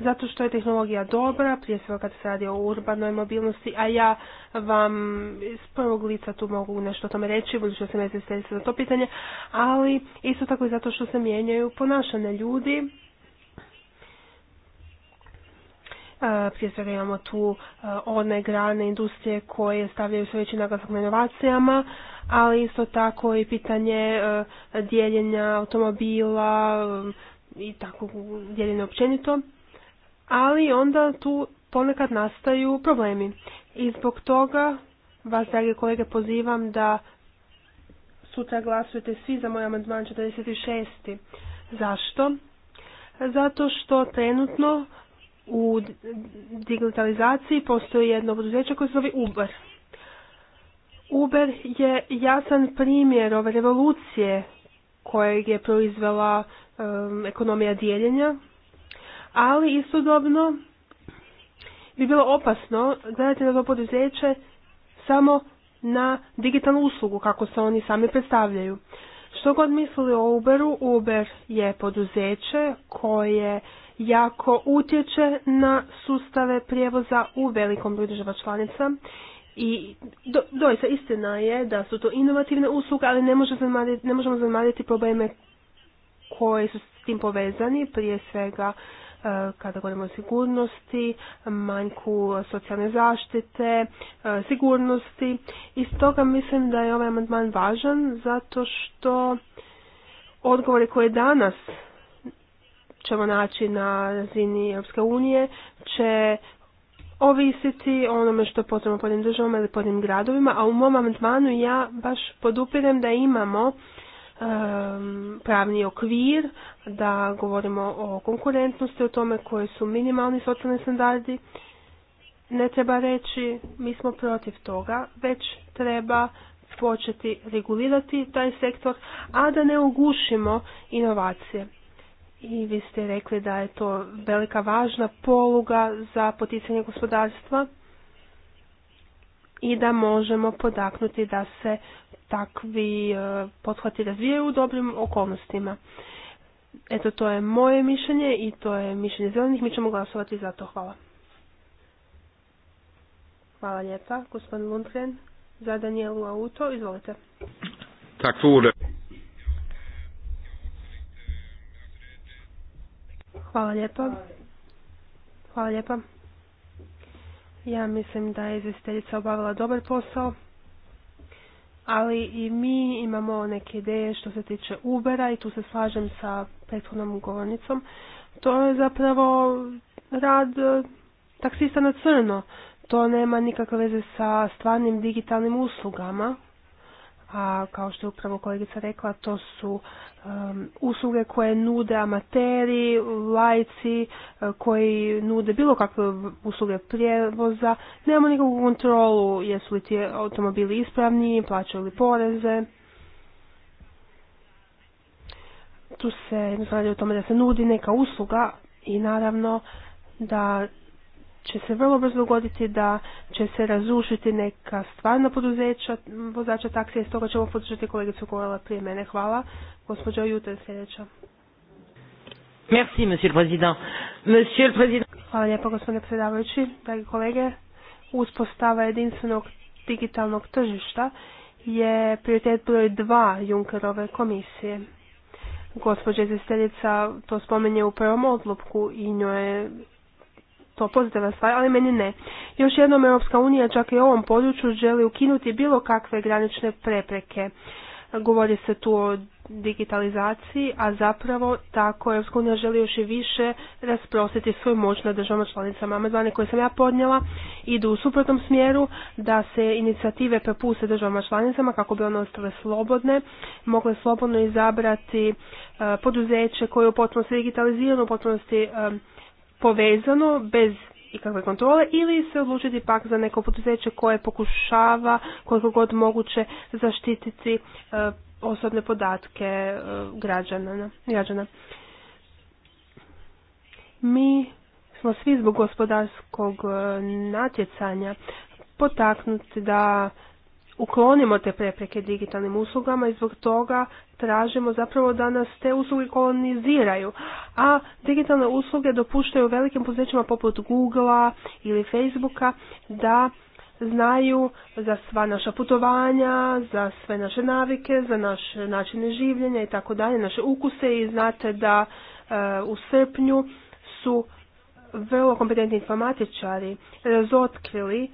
Zato što je tehnologija dobra, prije svega kad se radi o urbanoj mobilnosti, a ja vam iz prvog lica tu mogu nešto o tome reći, budući da sam se za to pitanje, ali isto tako i zato što se mijenjaju ponašanje ljudi, E, prije svega imamo tu e, one grane industrije koje stavljaju sve veći naglasak na inovacijama, ali isto tako i pitanje e, dijeljenja automobila i tako dijeljenje općenito. Ali onda tu ponekad nastaju problemi. I zbog toga vas, dragi kolege, pozivam da sutra glasujete svi za moj amandman 46. Zašto? Zato što trenutno u digitalizaciji postoji jedno poduzeće koje se zove Uber. Uber je jasan primjer ove revolucije kojeg je proizvela ekonomija dijeljenja, ali istodobno bi bilo opasno gledati na to poduzeće samo na digitalnu uslugu kako se oni sami predstavljaju. Što god mislili o Uberu, Uber je poduzeće koje jako utječe na sustave prijevoza u velikom broju država članica i do, doista istina je da su to inovativne usluge, ali ne, može ne možemo zanimati probleme koji su s tim povezani, prije svega e, kada govorimo o sigurnosti, manjku socijalne zaštite, e, sigurnosti. I stoga mislim da je ovaj amandman važan zato što odgovore koje danas ćemo naći na razini Europske unije će ovisiti o onome što je potrebno pojedinim državama ili pojedinim gradovima, a u mom amandmanu ja baš podupirem da imamo ehm, pravni okvir, da govorimo o konkurentnosti, o tome koji su minimalni socijalni standardi. Ne treba reći mi smo protiv toga, već treba početi regulirati taj sektor, a da ne ugušimo inovacije i vi ste rekli da je to velika važna poluga za poticanje gospodarstva i da možemo podaknuti da se takvi e, pothvati razvijaju u dobrim okolnostima. Eto, to je moje mišljenje i to je mišljenje zelenih. Mi ćemo glasovati za to. Hvala. Hvala lijepa, gospodin Lundgren. Za Danielu Auto, izvolite. Tak, Hvala lijepa. Hvala lijepa. Ja mislim da je izvjestiteljica obavila dobar posao, ali i mi imamo neke ideje što se tiče Ubera i tu se slažem sa prethodnom govornicom. To je zapravo rad e, taksista na crno. To nema nikakve veze sa stvarnim digitalnim uslugama, a kao što je upravo kolegica rekla, to su Um, usluge koje nude amateri, lajci, uh, koji nude bilo kakve usluge prijevoza. Nemamo nikakvu kontrolu jesu li ti automobili ispravni, plaćaju li poreze. Tu se radi o tome da se nudi neka usluga i naravno da će se vrlo brzo dogoditi da će se razrušiti neka stvarna poduzeća vozača taksija i stoga ćemo podržati kolegicu je prije mene. Hvala. Gospođa Jutel sljedeća. Merci, monsieur le président. Monsieur le président. Hvala lijepo, gospodine predavajući, dragi kolege. Uspostava jedinstvenog digitalnog tržišta je prioritet broj dva Junkerove komisije. Gospođa izvjestiteljica to spomenje u prvom odlupku i njoj je to pozitivna stvar, ali meni ne. Još jednom Europska unija čak i u ovom području želi ukinuti bilo kakve granične prepreke. Govori se tu o digitalizaciji, a zapravo tako Evropska unija želi još i više rasprostiti svoju moć na državama članicama. Amandmane koje sam ja podnijela idu u suprotnom smjeru da se inicijative prepuste državama članicama kako bi one ostale slobodne, mogle slobodno izabrati e, poduzeće koje je u potpunosti digitalizirano, u potpunosti e, povezano, bez ikakve kontrole ili se odlučiti pak za neko poduzeće koje pokušava koliko god moguće zaštititi e, osobne podatke e, građana. građana. Mi smo svi zbog gospodarskog e, natjecanja potaknuti da uklonimo te prepreke digitalnim uslugama i zbog toga tražimo zapravo da nas te usluge koloniziraju. A digitalne usluge dopuštaju velikim poduzećima poput Googlea ili Facebooka da znaju za sva naša putovanja, za sve naše navike, za naše načine življenja i tako dalje, naše ukuse i znate da e, u srpnju su vrlo kompetentni informatičari razotkrili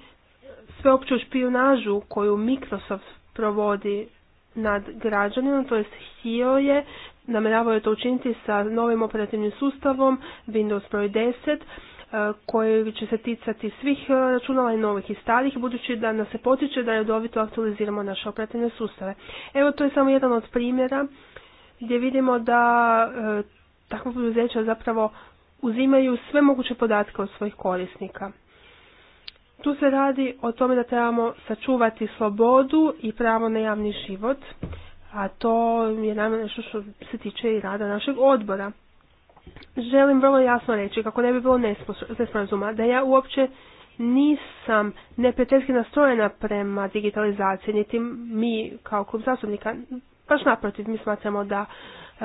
sveopću špionažu koju Microsoft provodi nad građanima, to jest htio je, namjeravao je to učiniti sa novim operativnim sustavom Windows Pro 10, eh, koji će se ticati svih eh, računala i novih i starih, budući da nas se potiče da redovito aktualiziramo naše operativne sustave. Evo, to je samo jedan od primjera gdje vidimo da e, takva poduzeća zapravo uzimaju sve moguće podatke od svojih korisnika. Tu se radi o tome da trebamo sačuvati slobodu i pravo na javni život, a to je najmanje nešto što se tiče i rada našeg odbora. Želim vrlo jasno reći, kako ne bi bilo nesporazuma, da ja uopće nisam neprijateljski nastrojena prema digitalizaciji, niti mi kao klub zastupnika, baš naprotiv, mi smatramo da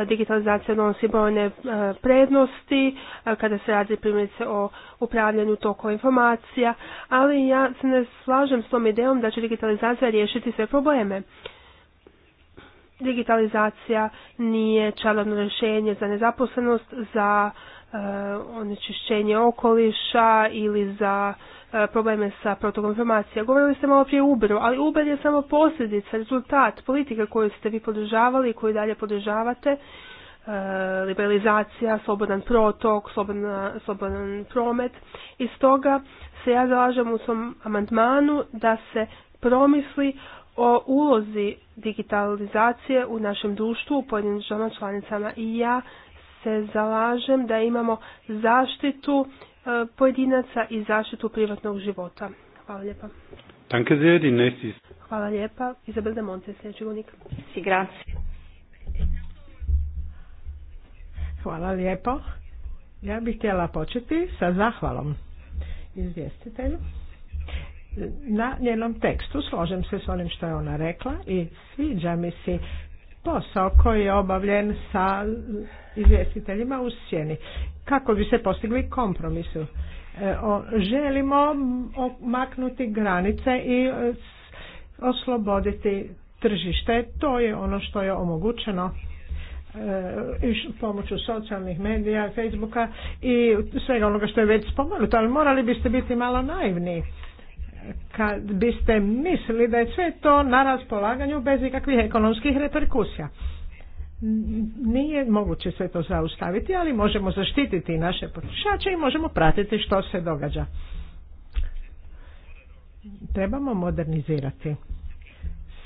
digitalizacija donosi brojne e, prednosti e, kada se radi primjerice o upravljanju tokova informacija, ali ja se ne slažem s tom idejom da će digitalizacija riješiti sve probleme. Digitalizacija nije čarobno rješenje za nezaposlenost, za e, onečišćenje okoliša ili za E, probleme sa protokom informacija. Govorili ste malo prije Uberu, ali Uber je samo posljedica, rezultat politike koju ste vi podržavali i koju dalje podržavate. E, liberalizacija, slobodan protok, slobodan, slobodan promet. I stoga se ja zalažem u svom amandmanu da se promisli o ulozi digitalizacije u našem društvu u pojedinim članicama i ja se zalažem da imamo zaštitu E, pojedinaca i zaštitu privatnog života. Hvala lijepa. Danke sehr, die nächste ist... Hvala lijepa. Izabel de sljedeći Si, Hvala lijepo. Ja bih htjela početi sa zahvalom izvjestitelju na njenom tekstu. Složem se s onim što je ona rekla i sviđa mi se posao koji je obavljen sa izvjestiteljima u sjeni kako bi se postigli kompromisu. E, želimo maknuti granice i e, osloboditi tržište. To je ono što je omogućeno e, pomoću socijalnih medija, Facebooka i svega onoga što je već spomenuto, ali morali biste biti malo naivni kad biste mislili da je sve to na raspolaganju bez ikakvih ekonomskih reperkusija. Nije moguće sve to zaustaviti, ali možemo zaštititi naše potrošače i možemo pratiti što se događa. Trebamo modernizirati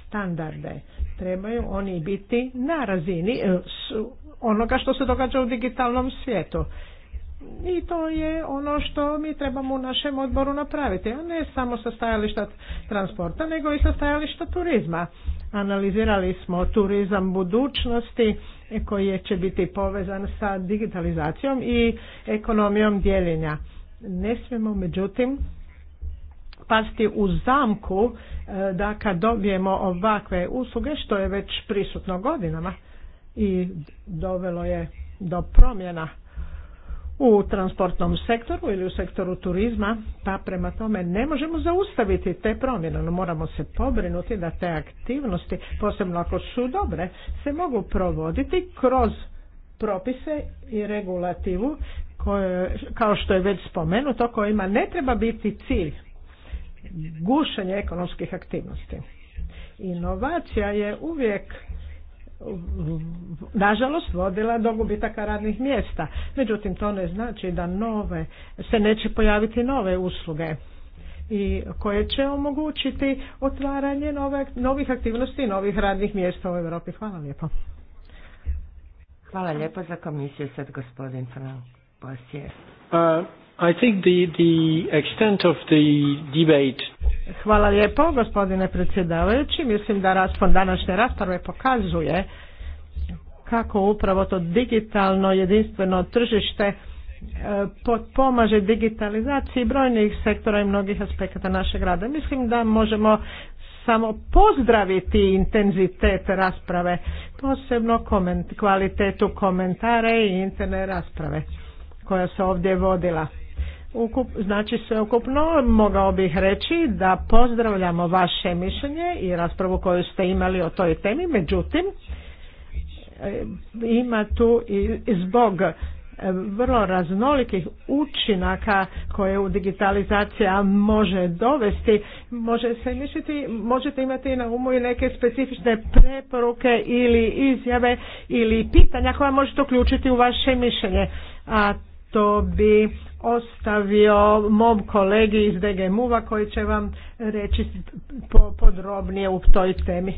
standarde. Trebaju oni biti na razini eh, onoga što se događa u digitalnom svijetu i to je ono što mi trebamo u našem odboru napraviti, a ne samo sa stajališta transporta, nego i sa stajališta turizma. Analizirali smo turizam budućnosti koji će biti povezan sa digitalizacijom i ekonomijom dijeljenja. Ne smijemo međutim pasti u zamku e, da kad dobijemo ovakve usluge što je već prisutno godinama i dovelo je do promjena u transportnom sektoru ili u sektoru turizma, pa prema tome ne možemo zaustaviti te promjene, no moramo se pobrinuti da te aktivnosti, posebno ako su dobre, se mogu provoditi kroz propise i regulativu koje, kao što je već spomenuto, kojima ne treba biti cilj gušenje ekonomskih aktivnosti. Inovacija je uvijek nažalost vodila do gubitaka radnih mjesta. Međutim, to ne znači da nove, se neće pojaviti nove usluge i koje će omogućiti otvaranje nove, novih aktivnosti i novih radnih mjesta u Europi. Hvala lijepo. Hvala lijepo za komisiju sad gospodin Bosje. Uh, I think the, the extent of the debate Hvala lijepo gospodine predsjedavajući. Mislim da raspon današnje rasprave pokazuje kako upravo to digitalno jedinstveno tržište e, pomaže digitalizaciji brojnih sektora i mnogih aspekata našeg rada. Mislim da možemo samo pozdraviti intenzitet rasprave, posebno koment, kvalitetu komentare i interne rasprave koja se ovdje vodila. Ukup, znači sveukupno mogao bih reći da pozdravljamo vaše mišljenje i raspravu koju ste imali o toj temi, međutim e, ima tu i zbog e, vrlo raznolikih učinaka koje u digitalizacija može dovesti, može se misliti, možete imati na umu i neke specifične preporuke ili izjave ili pitanja koja možete uključiti u vaše mišljenje. A što bi ostavio mom kolegi iz DG a koji će vam reći podrobnije u toj temi.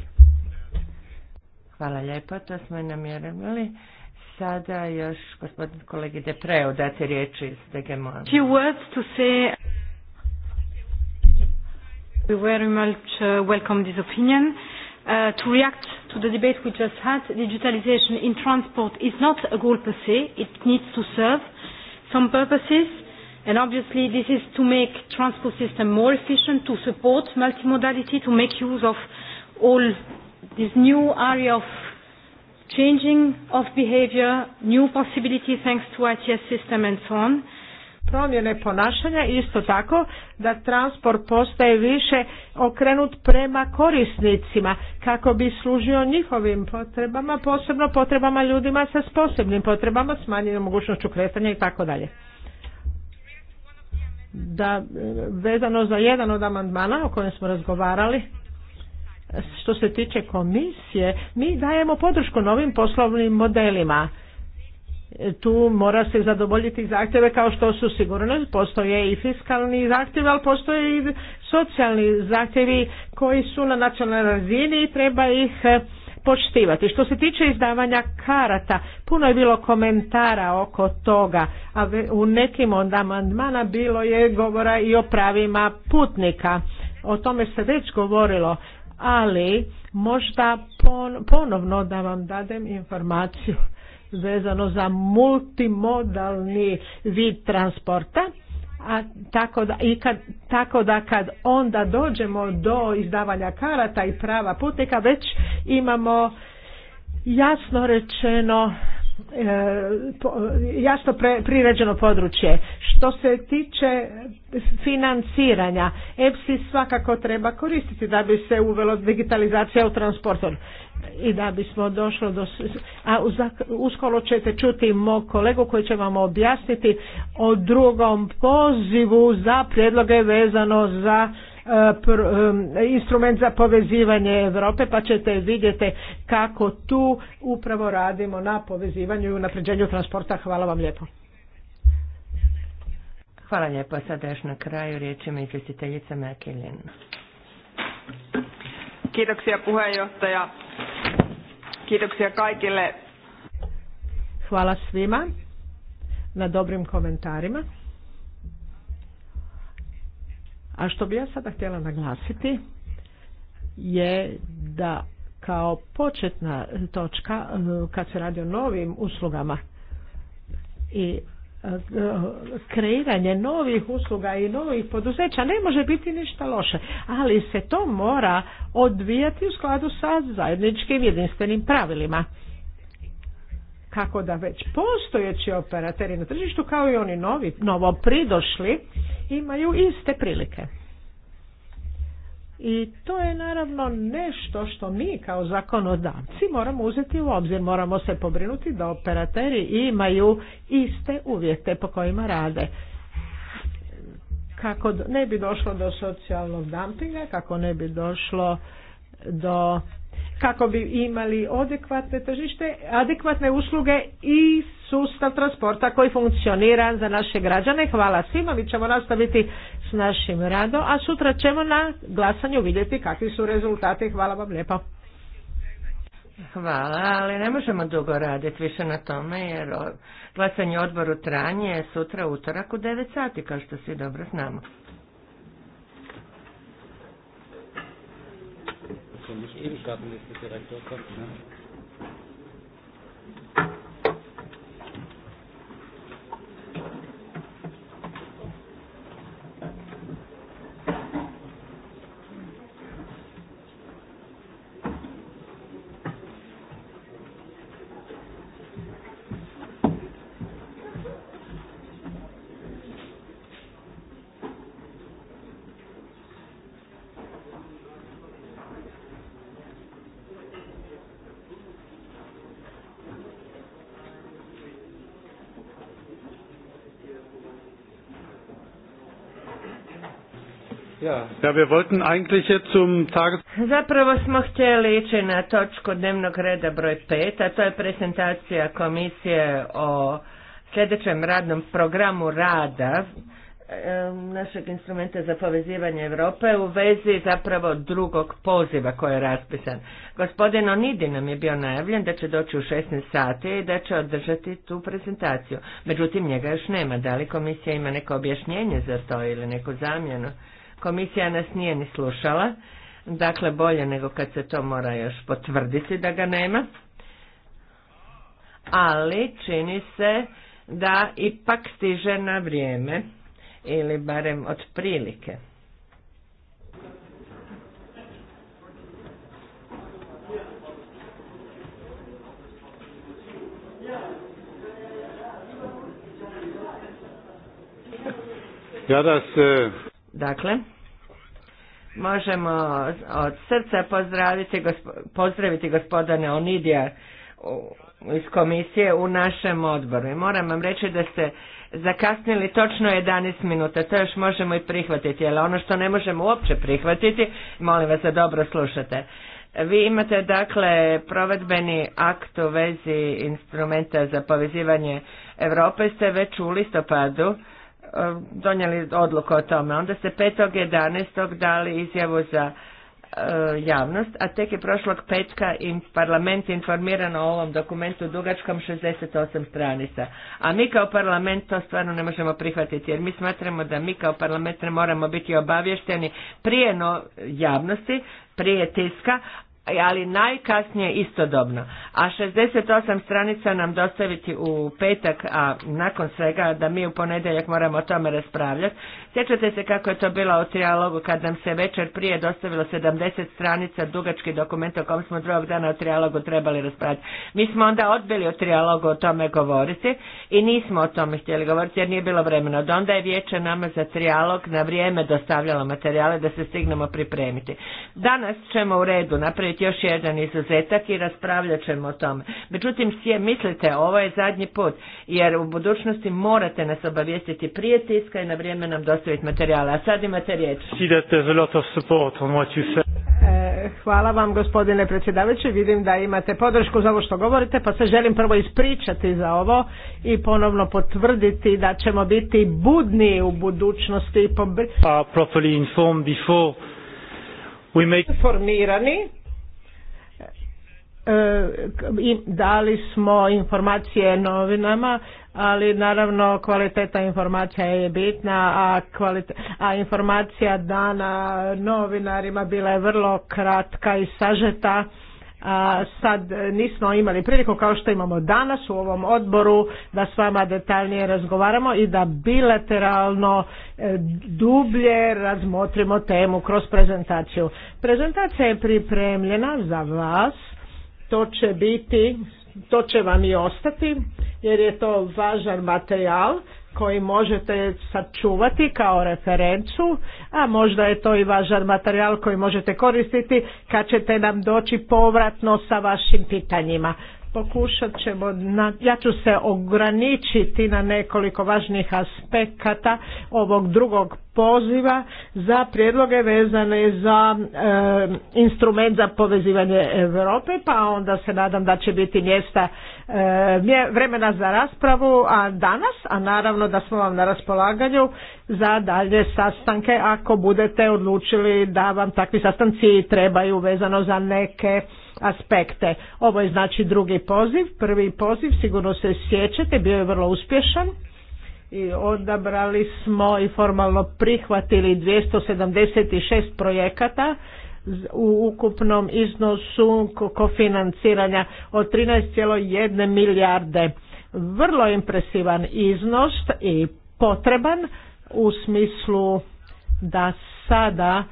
Hvala lijepo, to smo i namjerili. Sada još gospodin kolegi Depreo dati riječi iz to a We very much uh, welcome this opinion. Uh, to react to the debate we just had, digitalization in transport is not a goal per se, it needs to serve some purposes. And obviously this is to make transport system more efficient, to support multimodality, to make use of all this new area of changing of behavior, new possibilities thanks to ITS system and so on promjene ponašanja isto tako da transport postaje više okrenut prema korisnicima kako bi služio njihovim potrebama, posebno potrebama ljudima sa posebnim potrebama, smanjenom mogućnošću kretanja i tako dalje. Da, e, vezano za jedan od amandmana o kojem smo razgovarali, što se tiče komisije, mi dajemo podršku novim poslovnim modelima tu mora se zadovoljiti zahtjeve kao što su sigurno postoje i fiskalni zahtjevi, ali postoje i socijalni zahtjevi koji su na nacionalnoj razini i treba ih e, poštivati. Što se tiče izdavanja karata, puno je bilo komentara oko toga, a u nekim od amandmana bilo je govora i o pravima putnika. O tome se već govorilo, ali možda ponovno da vam dadem informaciju vezano za multimodalni vid transporta a tako da, i kad, tako da kad onda dođemo do izdavanja karata i prava putnika već imamo jasno rečeno jasno priređeno područje. Što se tiče financiranja, EPSI svakako treba koristiti da bi se uvelo digitalizacija u transportu i da bismo došlo do... A uskolo ćete čuti mog kolegu koji će vam objasniti o drugom pozivu za prijedloge vezano za E, e, instrument za povezivanje Europe pa ćete vidjeti kako tu upravo radimo na povezivanju i unapređenju transporta. Hvala vam lijepo. Hvala lijepo. Sada još na kraju riječima izvjestiteljica Mäkelin. Kiitoksia puheenjohtaja. Kiitoksia kaikille. Hvala svima na dobrim komentarima. A što bi ja sada htjela naglasiti je da kao početna točka e, kad se radi o novim uslugama i e, kreiranje novih usluga i novih poduzeća ne može biti ništa loše, ali se to mora odvijati u skladu sa zajedničkim jedinstvenim pravilima kako da već postojeći operateri na tržištu kao i oni novi, novo pridošli imaju iste prilike. I to je naravno nešto što mi kao zakonodavci moramo uzeti u obzir, moramo se pobrinuti da operateri imaju iste uvjete po kojima rade. Kako ne bi došlo do socijalnog dumpinga, kako ne bi došlo do kako bi imali adekvatne tržište, adekvatne usluge i sustav transporta koji funkcionira za naše građane. Hvala svima, mi ćemo nastaviti s našim radom, a sutra ćemo na glasanju vidjeti kakvi su rezultati. Hvala vam lijepo. Hvala, ali ne možemo dugo raditi više na tome jer glasanje odboru tranje je sutra utorak u 9 sati, kao što svi dobro znamo. Eben gerade, wenn jetzt kommt. Ja, zum Tages... Zapravo smo htjeli ići na točku dnevnog reda broj 5, a to je prezentacija komisije o sljedećem radnom programu rada e, našeg instrumenta za povezivanje Europe u vezi zapravo drugog poziva koji je raspisan. Gospodin Onidi nam je bio najavljen da će doći u 16 sati i da će održati tu prezentaciju. Međutim, njega još nema. Da li komisija ima neko objašnjenje za to ili neku zamjenu? Komisija nas nije ni slušala, dakle bolje nego kad se to mora još potvrditi da ga nema. Ali čini se da ipak stiže na vrijeme ili barem otprilike. Ja, se Dakle, možemo od srca pozdraviti, gospo, pozdraviti gospodane Onidija iz komisije u našem odboru. I moram vam reći da ste zakasnili točno 11 minuta, to još možemo i prihvatiti, ali ono što ne možemo uopće prihvatiti, molim vas da dobro slušate. Vi imate dakle provedbeni akt u vezi instrumenta za povezivanje Europe ste već u listopadu Eh, donijeli odluku o tome. Onda ste 5.11. dali izjavu za eh, javnost, a tek je prošlog petka im parlament informiran o ovom dokumentu dugačkom 68 stranica. A mi kao parlament to stvarno ne možemo prihvatiti, jer mi smatramo da mi kao parlament moramo biti obavješteni prije javnosti, prije tiska, ali najkasnije istodobno. A 68 stranica nam dostaviti u petak, a nakon svega da mi u ponedjeljak moramo o tome raspravljati. Sjećate se kako je to bilo u trialogu kad nam se večer prije dostavilo 70 stranica dugački dokument o kom smo drugog dana u trialogu trebali raspravljati. Mi smo onda odbili o trialogu, o tome govoriti i nismo o tome htjeli govoriti jer nije bilo vremena. Od onda je vijeće nama za trialog na vrijeme dostavljalo materijale da se stignemo pripremiti. Danas ćemo u redu napraviti još jedan izuzetak i raspravljat ćemo o tome. Međutim, sje, mislite, ovo je zadnji put, jer u budućnosti morate nas obavijestiti prije tiska i na vrijeme nam dostaviti materijale. A sad imate riječ. E, hvala vam gospodine predsjedavajući, vidim da imate podršku za ovo što govorite, pa se želim prvo ispričati za ovo i ponovno potvrditi da ćemo biti budni u budućnosti formirani E, i dali smo informacije novinama, ali naravno kvaliteta informacija je bitna, a, kvalite, a informacija dana novinarima bila je vrlo kratka i sažeta. A sad nismo imali priliku kao što imamo danas u ovom odboru da s vama detaljnije razgovaramo i da bilateralno e, dublje razmotrimo temu kroz prezentaciju. Prezentacija je pripremljena za vas to će biti, to će vam i ostati jer je to važan materijal koji možete sačuvati kao referencu, a možda je to i važan materijal koji možete koristiti kad ćete nam doći povratno sa vašim pitanjima. Pokušat ćemo, ja ću se ograničiti na nekoliko važnih aspekata ovog drugog poziva za prijedloge vezane za eh, instrument za povezivanje Europe, pa onda se nadam da će biti mjesta eh, vremena za raspravu a danas, a naravno da smo vam na raspolaganju za dalje sastanke ako budete odlučili da vam takvi sastanci trebaju vezano za neke aspekte. Ovo je znači drugi poziv. Prvi poziv, sigurno se sjećate, bio je vrlo uspješan i odabrali smo i formalno prihvatili 276 projekata u ukupnom iznosu kofinanciranja od 13,1 milijarde. Vrlo impresivan iznos i potreban u smislu da sada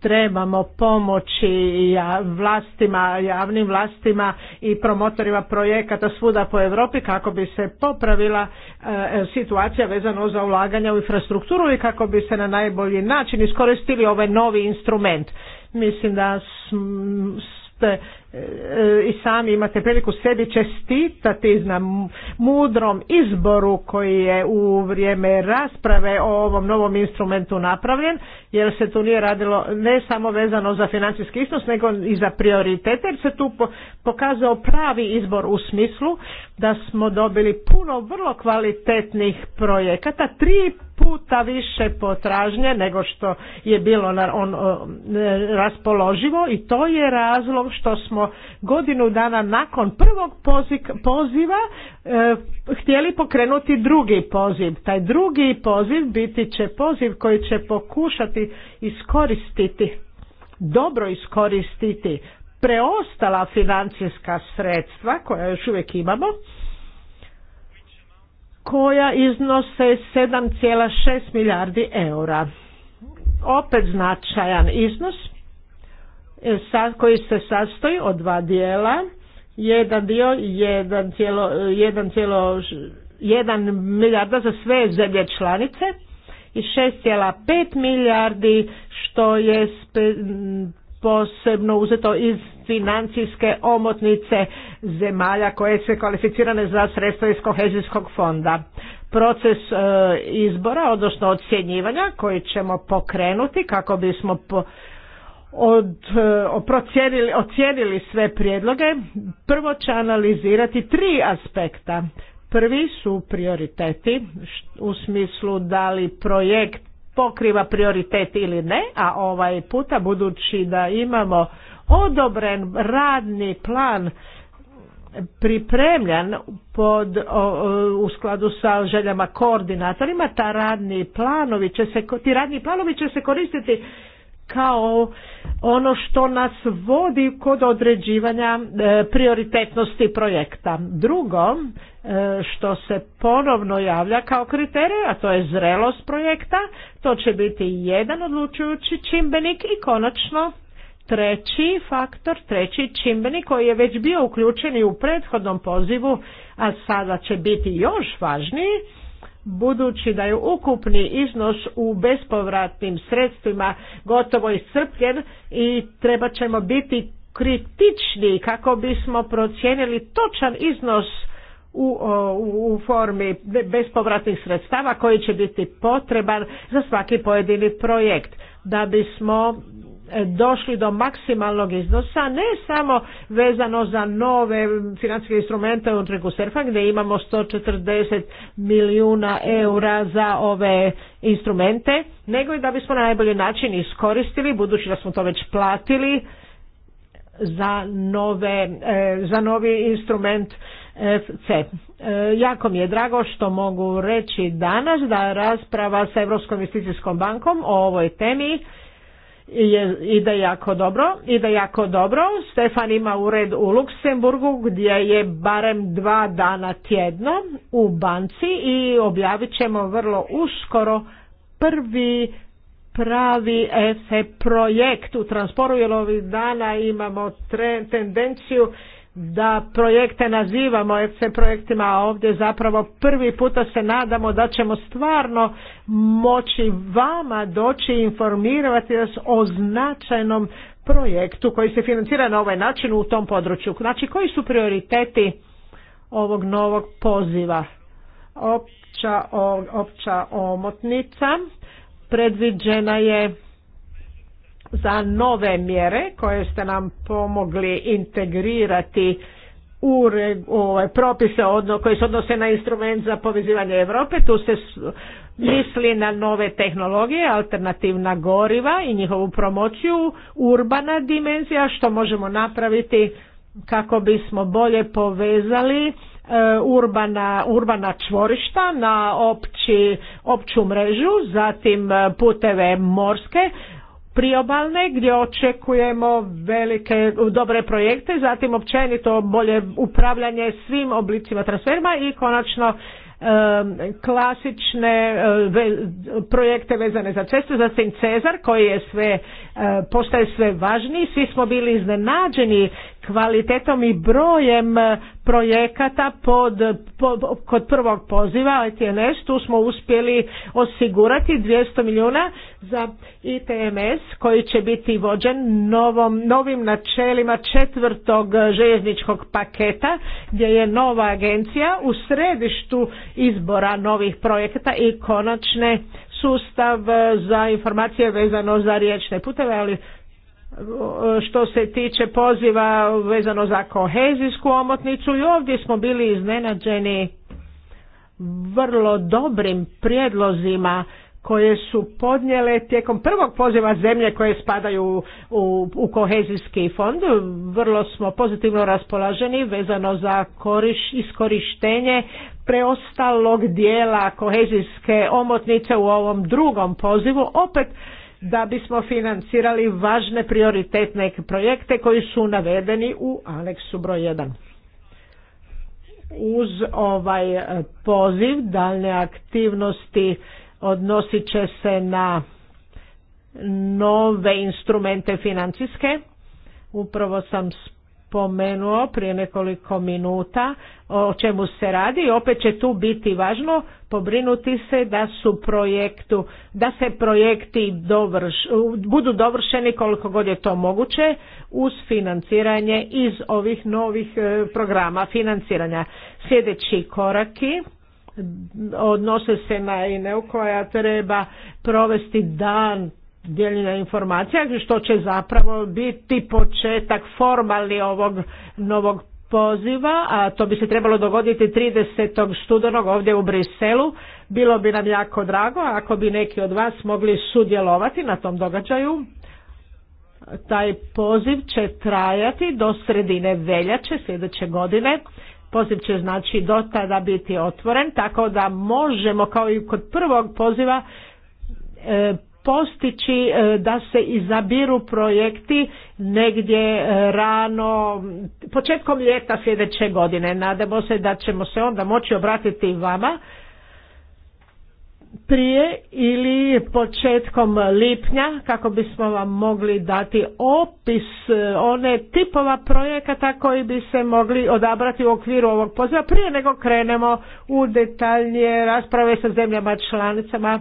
trebamo pomoći vlastima, javnim vlastima i promotorima projekata svuda po Europi kako bi se popravila e, situacija vezano za ulaganja u infrastrukturu i kako bi se na najbolji način iskoristili ovaj novi instrument. Mislim da ste i sami imate priliku sebi čestitati na mudrom izboru koji je u vrijeme rasprave o ovom novom instrumentu napravljen jer se tu nije radilo ne samo vezano za financijski iznos nego i za prioritete jer se tu pokazao pravi izbor u smislu da smo dobili puno vrlo kvalitetnih projekata tri puta više potražnje nego što je bilo na on, raspoloživo i to je razlog što smo godinu dana nakon prvog poziva e, htjeli pokrenuti drugi poziv. Taj drugi poziv biti će poziv koji će pokušati iskoristiti, dobro iskoristiti preostala financijska sredstva koja još uvijek imamo koja iznose 7,6 milijardi eura. Opet značajan iznos koji se sastoji od dva dijela. Jedan dio, jedan cijelo, jedan cijelo, jedan milijarda za sve zemlje članice i 6,5 milijardi što je posebno uzeto iz financijske omotnice zemalja koje su kvalificirane za sredstva iz kohezijskog fonda. Proces e, izbora, odnosno ocjenjivanja koji ćemo pokrenuti kako bismo od, e, ocijenili sve prijedloge, prvo će analizirati tri aspekta. Prvi su prioriteti u smislu da li projekt pokriva prioritet ili ne, a ovaj puta budući da imamo odobren radni plan pripremljen pod, u skladu sa željama koordinatorima, ta radni planovi će se, ti radni planovi će se koristiti kao ono što nas vodi kod određivanja e, prioritetnosti projekta. Drugo, e, što se ponovno javlja kao kriterij, a to je zrelost projekta, to će biti jedan odlučujući čimbenik i konačno treći faktor, treći čimbenik koji je već bio uključen i u prethodnom pozivu, a sada će biti još važniji, budući da je ukupni iznos u bespovratnim sredstvima gotovo iscrpljen i treba ćemo biti kritični kako bismo procijenili točan iznos u, u, u formi bespovratnih sredstava koji će biti potreban za svaki pojedini projekt da bismo E, došli do maksimalnog iznosa, ne samo vezano za nove financijske instrumente u trgu SERFA gdje imamo 140 milijuna eura za ove instrumente, nego i da bismo na najbolji način iskoristili, budući da smo to već platili, za, nove, e, za novi instrument C. E, jako mi je drago što mogu reći danas da rasprava sa Europskom investicijskom bankom o ovoj temi je, ide jako dobro, ide jako dobro. Stefan ima ured u Luksemburgu gdje je barem dva dana tjedno u banci i objavit ćemo vrlo uskoro prvi pravi EFE projekt u transporu jer ovih dana imamo tendenciju da projekte nazivamo FC projektima, a ovdje zapravo prvi puta se nadamo da ćemo stvarno moći vama doći i informirati vas o značajnom projektu koji se financira na ovaj način u tom području. Znači koji su prioriteti ovog novog poziva? Opća, opća omotnica predviđena je za nove mjere koje ste nam pomogli integrirati u ovaj, propise koji se odnose na instrument za povezivanje Europe. Tu se misli na nove tehnologije, alternativna goriva i njihovu promociju, urbana dimenzija, što možemo napraviti kako bismo bolje povezali e, urbana, urbana čvorišta na opći, opću mrežu, zatim e, puteve morske priobalne gdje očekujemo velike dobre projekte, zatim općenito bolje upravljanje svim oblicima transferma i konačno klasične eh, projekte vezane za cestu, zatim Cezar koji je sve, eh, postaje sve važniji. Svi smo bili iznenađeni kvalitetom i brojem e, projekata pod, kod prvog poziva ITNS, tu smo uspjeli osigurati 200 milijuna za ITMS koji će biti vođen novom, novim načelima četvrtog željezničkog paketa gdje je nova agencija u središtu izbora novih projekata i konačne sustav e, za informacije vezano za riječne puteve, ali što se tiče poziva vezano za kohezijsku omotnicu i ovdje smo bili iznenađeni vrlo dobrim prijedlozima koje su podnijele tijekom prvog poziva zemlje koje spadaju u, kohezijski fond. Vrlo smo pozitivno raspolaženi vezano za koriš, iskorištenje preostalog dijela kohezijske omotnice u ovom drugom pozivu. Opet da bismo financirali važne prioritetne projekte koji su navedeni u aneksu broj 1 uz ovaj eh, poziv daljne aktivnosti odnosit će se na nove instrumente financijske. Upravo sam spomenuo prije nekoliko minuta o čemu se radi i opet će tu biti važno pobrinuti se da su projektu da se projekti dovrš, budu dovršeni koliko god je to moguće uz financiranje iz ovih novih e, programa financiranja. Sljedeći koraki odnose se na INEU koja treba provesti dan dijeljenja informacija što će zapravo biti početak formalni ovog novog poziva, a to bi se trebalo dogoditi 30. studenog ovdje u Briselu. Bilo bi nam jako drago ako bi neki od vas mogli sudjelovati na tom događaju. Taj poziv će trajati do sredine veljače sljedeće godine. Poziv će znači do tada biti otvoren, tako da možemo kao i kod prvog poziva e, postići e, da se izabiru projekti negdje e, rano, početkom ljeta sljedeće godine. Nadamo se da ćemo se onda moći obratiti vama prije ili početkom lipnja kako bismo vam mogli dati opis e, one tipova projekata koji bi se mogli odabrati u okviru ovog poziva prije nego krenemo u detaljnije rasprave sa zemljama članicama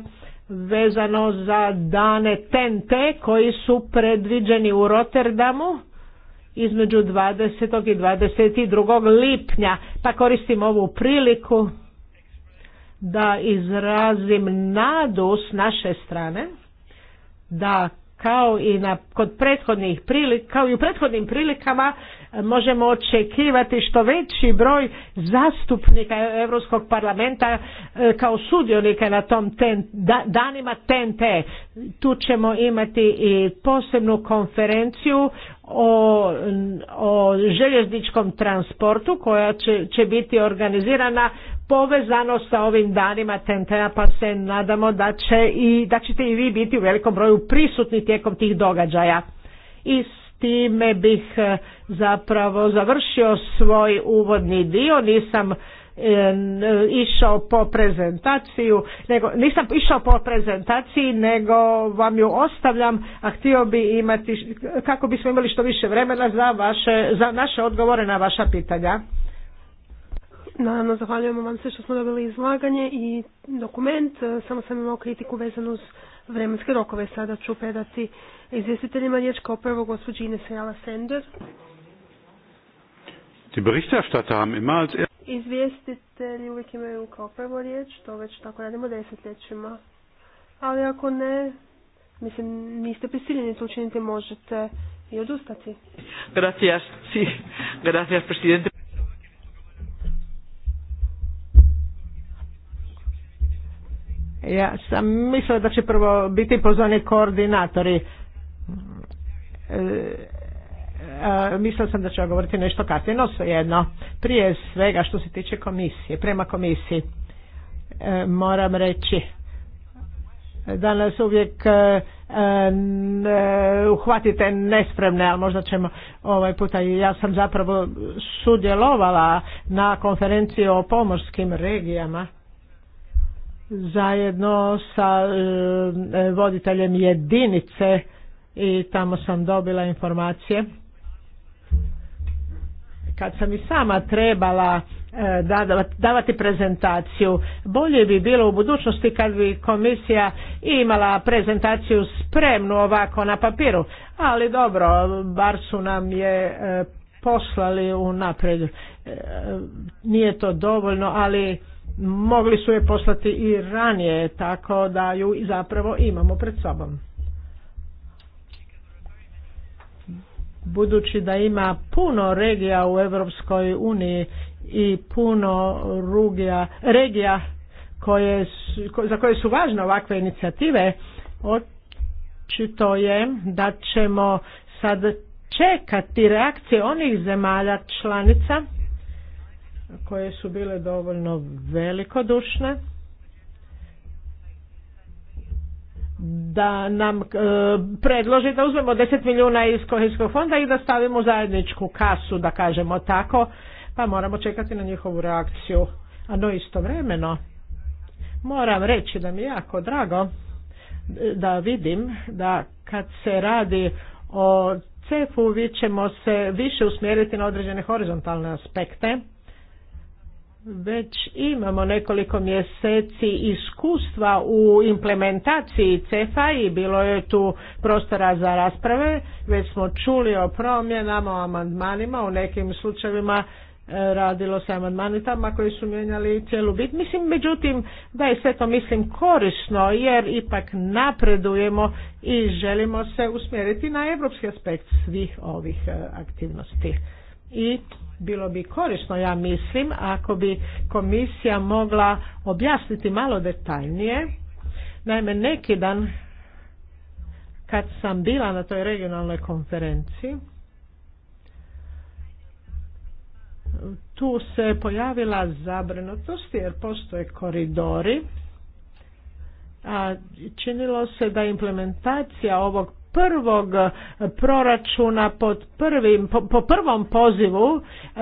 vezano za dane TNT koji su predviđeni u Rotterdamu između 20. i 22. lipnja. Pa koristim ovu priliku da izrazim nadu s naše strane da kao i na kod prethodnih prilika, kao i u prethodnim prilikama možemo očekivati što veći broj zastupnika Europskog parlamenta e, kao sudionika na tom ten, danima TNT. Tu ćemo imati i posebnu konferenciju o, o željezničkom transportu koja će, će biti organizirana povezano sa ovim danima TNT-a pa se nadamo da, će i, da ćete i vi biti u velikom broju prisutni tijekom tih događaja. I time bih e, zapravo završio svoj uvodni dio, nisam e, išao po prezentaciju, nego, nisam išao po prezentaciji, nego vam ju ostavljam, a htio bi imati, kako bismo imali što više vremena za, vaše, za naše odgovore na vaša pitanja. Naravno, zahvaljujemo vam se što smo dobili izlaganje i dokument. E, samo sam imao kritiku vezanu uz vremenske rokove. Sada ću predati izvjestiteljima riječ kao prvo gospođi Ines Rala Sender. Er- Izvjestitelji uvijek imaju kao prvo riječ, to već tako radimo desetljećima. Ali ako ne, mislim, niste prisiljeni to učiniti, možete i odustati. Gracias, sí. Gracias, presidente. Ja sam mislila da će prvo biti pozvani koordinatori. E, e, mislila sam da ću govoriti nešto kasnije, no svejedno. Prije svega što se tiče komisije, prema komisiji, e, moram reći danas uvijek uhvatite nespremne, ali možda ćemo ovaj puta i ja sam zapravo sudjelovala na konferenciji o pomorskim regijama zajedno sa e, voditeljem jedinice i tamo sam dobila informacije kad sam i sama trebala e, davati prezentaciju bolje bi bilo u budućnosti kad bi komisija imala prezentaciju spremnu ovako na papiru ali dobro bar su nam je e, poslali u nije to dovoljno ali mogli su je poslati i ranije, tako da ju zapravo imamo pred sobom. Budući da ima puno regija u Europskoj uniji i puno rugija, regija koje za koje su važne ovakve inicijative, očito je da ćemo sad čekati reakcije onih zemalja članica koje su bile dovoljno velikodušne da nam e, predloži da uzmemo 10 milijuna iz kohijskog fonda i da stavimo zajedničku kasu, da kažemo tako, pa moramo čekati na njihovu reakciju. A no istovremeno moram reći da mi je jako drago e, da vidim da kad se radi o CEF-u vi ćemo se više usmjeriti na određene horizontalne aspekte već imamo nekoliko mjeseci iskustva u implementaciji CEFA i bilo je tu prostora za rasprave. Već smo čuli o promjenama, o amandmanima, u nekim slučajevima e, radilo se amandmanitama koji su mijenjali cijelu bit. Mislim, međutim, da je sve to mislim korisno jer ipak napredujemo i želimo se usmjeriti na evropski aspekt svih ovih e, aktivnosti i bilo bi korisno, ja mislim, ako bi komisija mogla objasniti malo detaljnije. Naime, neki dan kad sam bila na toj regionalnoj konferenciji, tu se pojavila zabrinutost jer postoje koridori a činilo se da implementacija ovog prvog eh, proračuna pod prvim, po, prvom pozivu eh,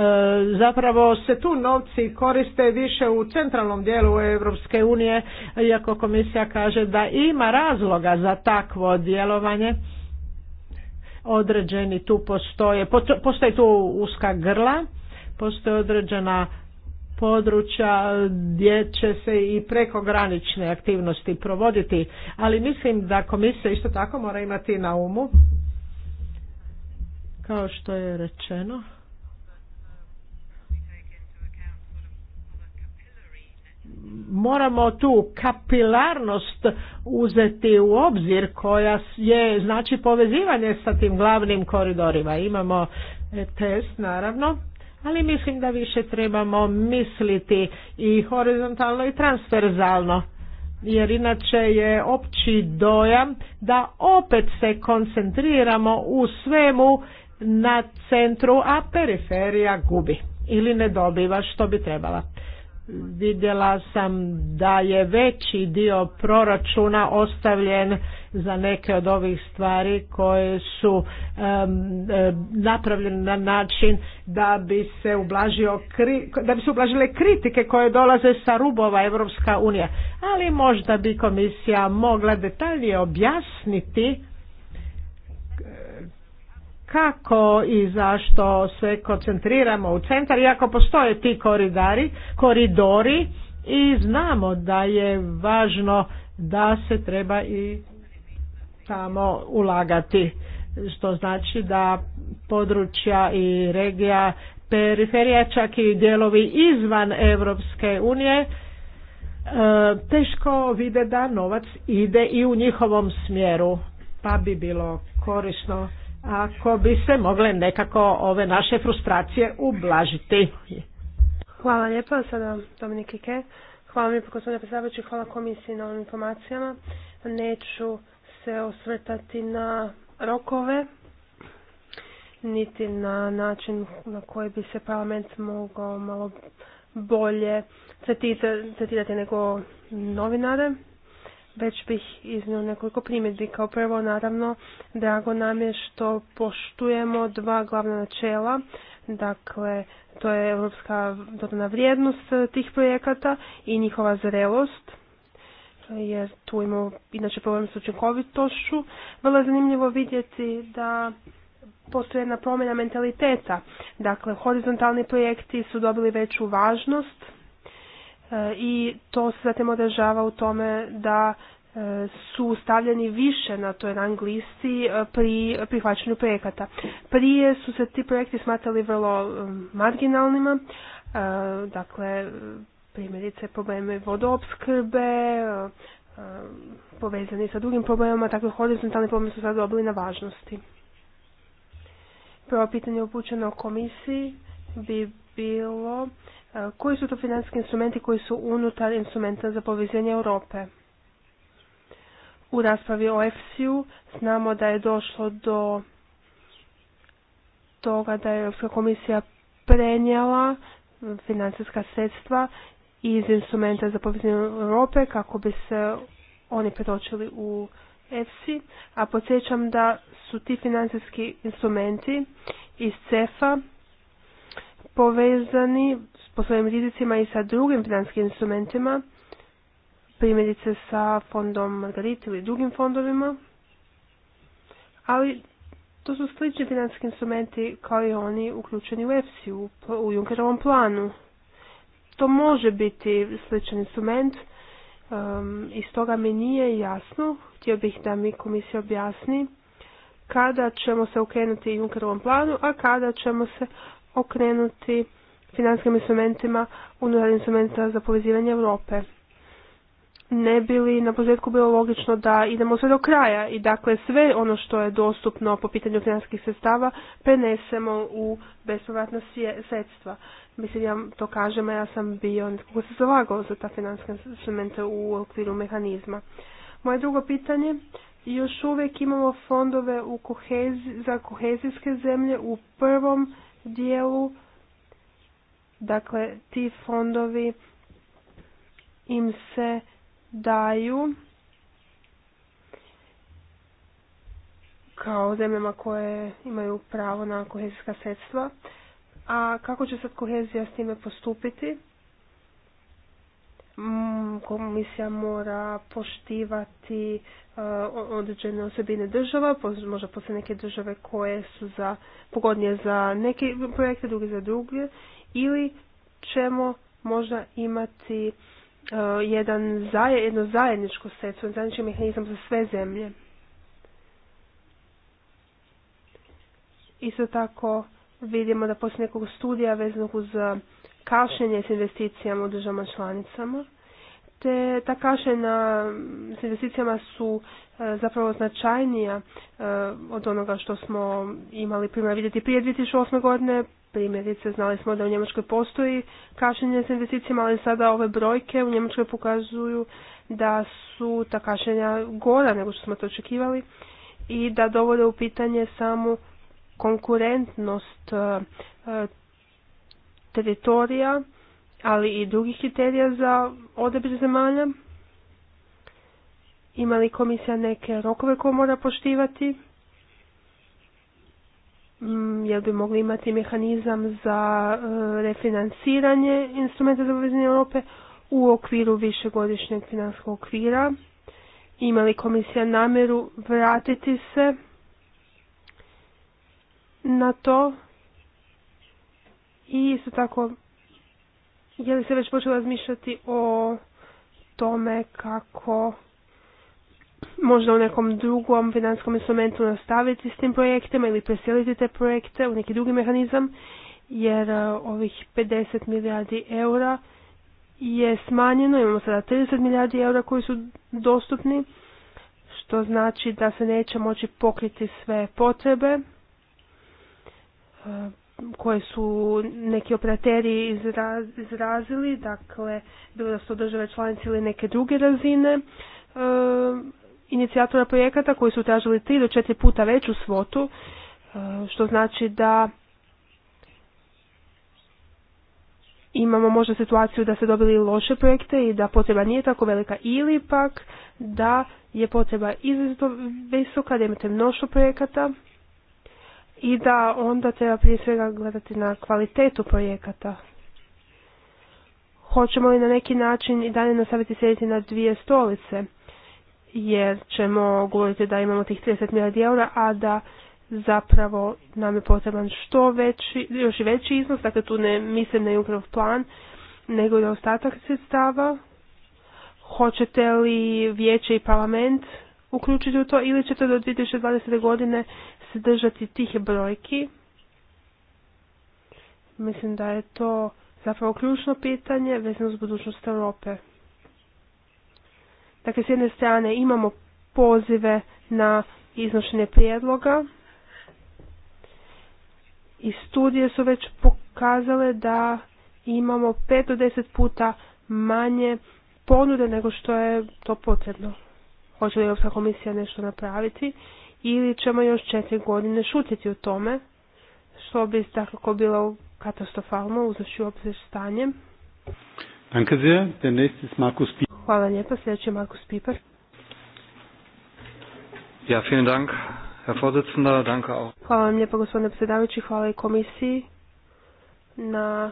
zapravo se tu novci koriste više u centralnom dijelu Europske unije iako komisija kaže da ima razloga za takvo djelovanje određeni tu postoje postoje tu uska grla postoje određena područja gdje će se i prekogranične aktivnosti provoditi, ali mislim da komisija isto tako mora imati na umu, kao što je rečeno, moramo tu kapilarnost uzeti u obzir koja je znači povezivanje sa tim glavnim koridorima. Imamo test naravno ali mislim da više trebamo misliti i horizontalno i transverzalno jer inače je opći dojam da opet se koncentriramo u svemu na centru, a periferija gubi ili ne dobiva što bi trebala vidjela sam da je veći dio proračuna ostavljen za neke od ovih stvari koje su napravljene na način da bi se ublažio da bi se ublažile kritike koje dolaze sa rubova Europska unija ali možda bi komisija mogla detaljnije objasniti kako i zašto se koncentriramo u centar, iako postoje ti koridari, koridori i znamo da je važno da se treba i tamo ulagati, što znači da područja i regija periferija, čak i dijelovi izvan Europske unije, e, teško vide da novac ide i u njihovom smjeru, pa bi bilo korisno ako bi se mogle nekako ove naše frustracije ublažiti. Hvala lijepa, sada Dominik Ike. Hvala mi gospodine predsjedavajući, hvala komisiji na ovim informacijama. Neću se osvrtati na rokove, niti na način na koji bi se parlament mogao malo bolje tretirati nego novinare već bih iznio nekoliko primjedbi. Kao prvo, naravno, drago nam je što poštujemo dva glavna načela, dakle, to je europska dodana vrijednost tih projekata i njihova zrelost, jer tu imamo inače problem s učinkovitošću. Vrlo je zanimljivo vidjeti da postoji jedna promjena mentaliteta. Dakle, horizontalni projekti su dobili veću važnost, E, i to se zatim odražava u tome da e, su stavljeni više na toj rang listi e, pri prihvaćanju projekata. Prije su se ti projekti smatrali vrlo marginalnima, dakle primjerice probleme vodoopskrbe, povezani sa drugim problemama, Dakle, horizontalni problemi su sad dobili na važnosti. Prvo pitanje upućeno komisiji bi bilo E, koji su to financijski instrumenti koji su unutar instrumenta za povezanje Europe? U raspravi o EFSI-u znamo da je došlo do toga da je Europska komisija prenijela financijska sredstva iz instrumenta za povezanje Europe kako bi se oni pretočili u EFSI, a podsjećam da su ti financijski instrumenti iz CEFA povezani po svojim rizicima i sa drugim financijskim instrumentima, primjerice sa fondom Margarita ili drugim fondovima, ali to su slični financijski instrumenti kao i oni uključeni u EFSI, u, u Junkerovom planu. To može biti sličan instrument um, i stoga mi nije jasno, htio bih da mi komisija objasni kada ćemo se u Junkerovom planu, a kada ćemo se okrenuti financijskim instrumentima unutar instrumenta za povezivanje Europe. Ne bi li na početku bilo logično da idemo sve do kraja i dakle sve ono što je dostupno po pitanju financijskih sredstava prenesemo u bespovratna sredstva. Mislim, ja to kažem, a ja sam bio nekako se zalagao za ta financijska instrumenta u okviru mehanizma. Moje drugo pitanje, još uvijek imamo fondove u za kohezijske zemlje u prvom dijelu. Dakle, ti fondovi im se daju kao zemljama koje imaju pravo na kohezijska sredstva. A kako će sad kohezija s time postupiti? Mm, komisija mora poštivati eh, određene osobine država, možda poslije neke države koje su za, pogodnije za neke projekte, druge za druge, ili ćemo možda imati eh, jedan zaje, jedno zajedničko sredstvo, zajednički mehanizam za sve zemlje. Isto tako vidimo da poslije nekog studija vezanog uz kašenje s investicijama u državama članicama. Te ta kašenja s investicijama su e, zapravo značajnija e, od onoga što smo imali primjer vidjeti prije 2008. godine. Primjerice, znali smo da u Njemačkoj postoji kašenje s investicijama, ali sada ove brojke u Njemačkoj pokazuju da su ta kašenja gora nego što smo to očekivali i da dovode u pitanje samu konkurentnost e, teritorija, ali i drugih kriterija za odabir zemalja? Ima li komisija neke rokove koje mora poštivati? Mm, jel bi mogli imati mehanizam za e, refinansiranje instrumenta za povezanje Europe u okviru višegodišnjeg finanskog okvira? Ima li komisija namjeru vratiti se na to i isto tako, je li se već počelo razmišljati o tome kako možda u nekom drugom finanskom instrumentu nastaviti s tim projektima ili preseliti te projekte u neki drugi mehanizam, jer e, ovih 50 milijardi eura je smanjeno, imamo sada 30 milijardi eura koji su dostupni, što znači da se neće moći pokriti sve potrebe e, koje su neki operateri izrazili, dakle, bilo da su države članice ili neke druge razine e, inicijatora projekata koji su tražili tri do četiri puta veću svotu, e, što znači da imamo možda situaciju da se dobili loše projekte i da potreba nije tako velika ili pak da je potreba izrazito visoka, da imate mnoštvo projekata i da onda treba prije svega gledati na kvalitetu projekata. Hoćemo li na neki način i dalje nastaviti sjediti na dvije stolice, jer ćemo govoriti da imamo tih 30 milijardi eura, a da zapravo nam je potreban što veći, još i veći iznos, dakle tu ne mislim na Junkerov plan, nego i ostatak sredstava. Hoćete li vijeće i parlament uključiti u to ili ćete do 2020. godine se držati tih brojki. Mislim da je to zapravo ključno pitanje vezano s budućnost Europe. Dakle, s jedne strane imamo pozive na iznošenje prijedloga i studije su već pokazale da imamo 5 do 10 puta manje ponude nego što je to potrebno. Hoće li Europska komisija nešto napraviti ili ćemo još četiri godine šutiti o tome, što bi dakako bilo katastrofalno uzavši u obzir stanje. Der Markus Hvala lijepa, sljedeći je Markus Piper Ja, vielen Dank, Herr Vorsitzender, danke Hvala vam lijepa, gospodine predsjedavajući, hvala i komisiji na,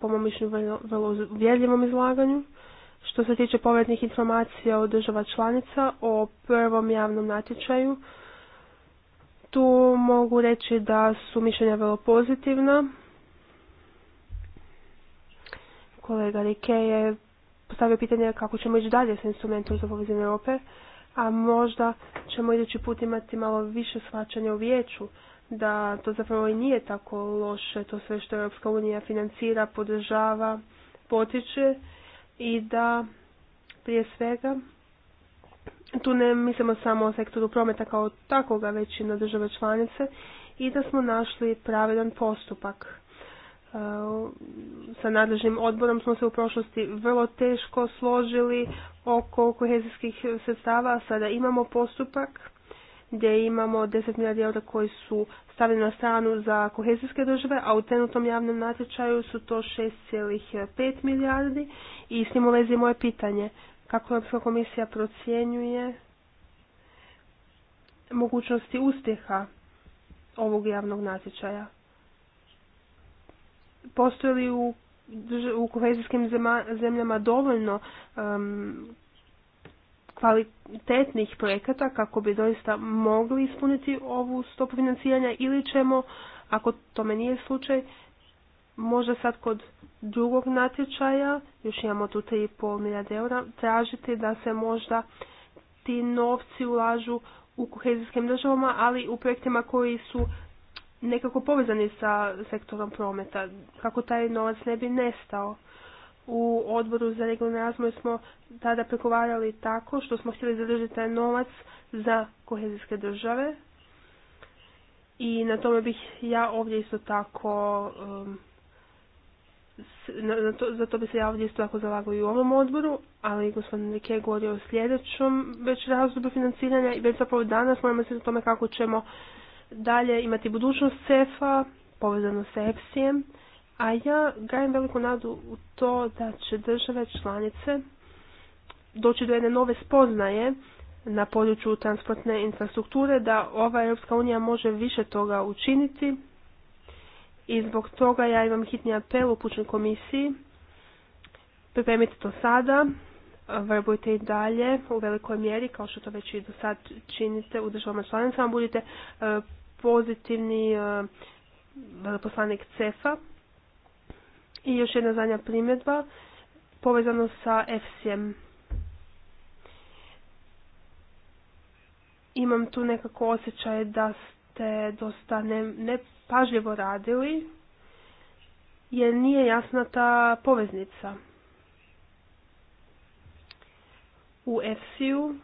po mom mišljenju, vrlo, vrlo izlaganju. Što se tiče povratnih informacija od država članica o prvom javnom natječaju, tu mogu reći da su mišljenja vrlo pozitivna. Kolega Rike je postavio pitanje kako ćemo ići dalje sa instrumentom za povezanje Europe, a možda ćemo idući put imati malo više shvaćanja u vijeću da to zapravo i nije tako loše, to sve što Europska unija financira, podržava, potiče i da prije svega tu ne mislimo samo o sektoru prometa kao takoga, već i na države članice i da smo našli pravedan postupak. E, sa nadležnim odborom smo se u prošlosti vrlo teško složili oko kohezijskih sredstava, sada imamo postupak gdje imamo 10 milijardi eura koji su stavljeni na stranu za kohezijske države, a u trenutnom javnom natječaju su to 6,5 milijardi i s njim ulezi moje pitanje kako Europska komisija procjenjuje mogućnosti uspjeha ovog javnog natječaja? Postoji li u, u kohezijskim zemljama dovoljno kvalitetnih projekata kako bi doista mogli ispuniti ovu stopu financiranja ili ćemo, ako tome nije slučaj, možda sad kod drugog natječaja, još imamo tu 3,5 milijarde eura, tražiti da se možda ti novci ulažu u kohezijskim državama, ali u projektima koji su nekako povezani sa sektorom prometa, kako taj novac ne bi nestao. U odboru za regionalni razvoj smo tada pregovarali tako što smo htjeli zadržati taj novac za kohezijske države i na tome bih ja ovdje isto tako um, na bi se ja ovdje isto tako zalagao i u ovom odboru, ali gospodin Rike govori o sljedećom već razlogu financiranja i već zapravo danas moramo se o tome kako ćemo dalje imati budućnost Cefa a povezano sa epsi a ja gajem veliku nadu u to da će države članice doći do jedne nove spoznaje na području transportne infrastrukture, da ova Europska unija može više toga učiniti i zbog toga ja imam hitni apel u pučnoj komisiji. Pripremite to sada, vrbujte i dalje u velikoj mjeri, kao što to već i do sad činite u državama članicama, budite e, pozitivni e, veleposlanik CEFA. I još jedna zadnja primjedba povezano sa FCM. Imam tu nekako osjećaj da ste dosta nepažljivo radili jer nije jasna ta poveznica. U EFSI-u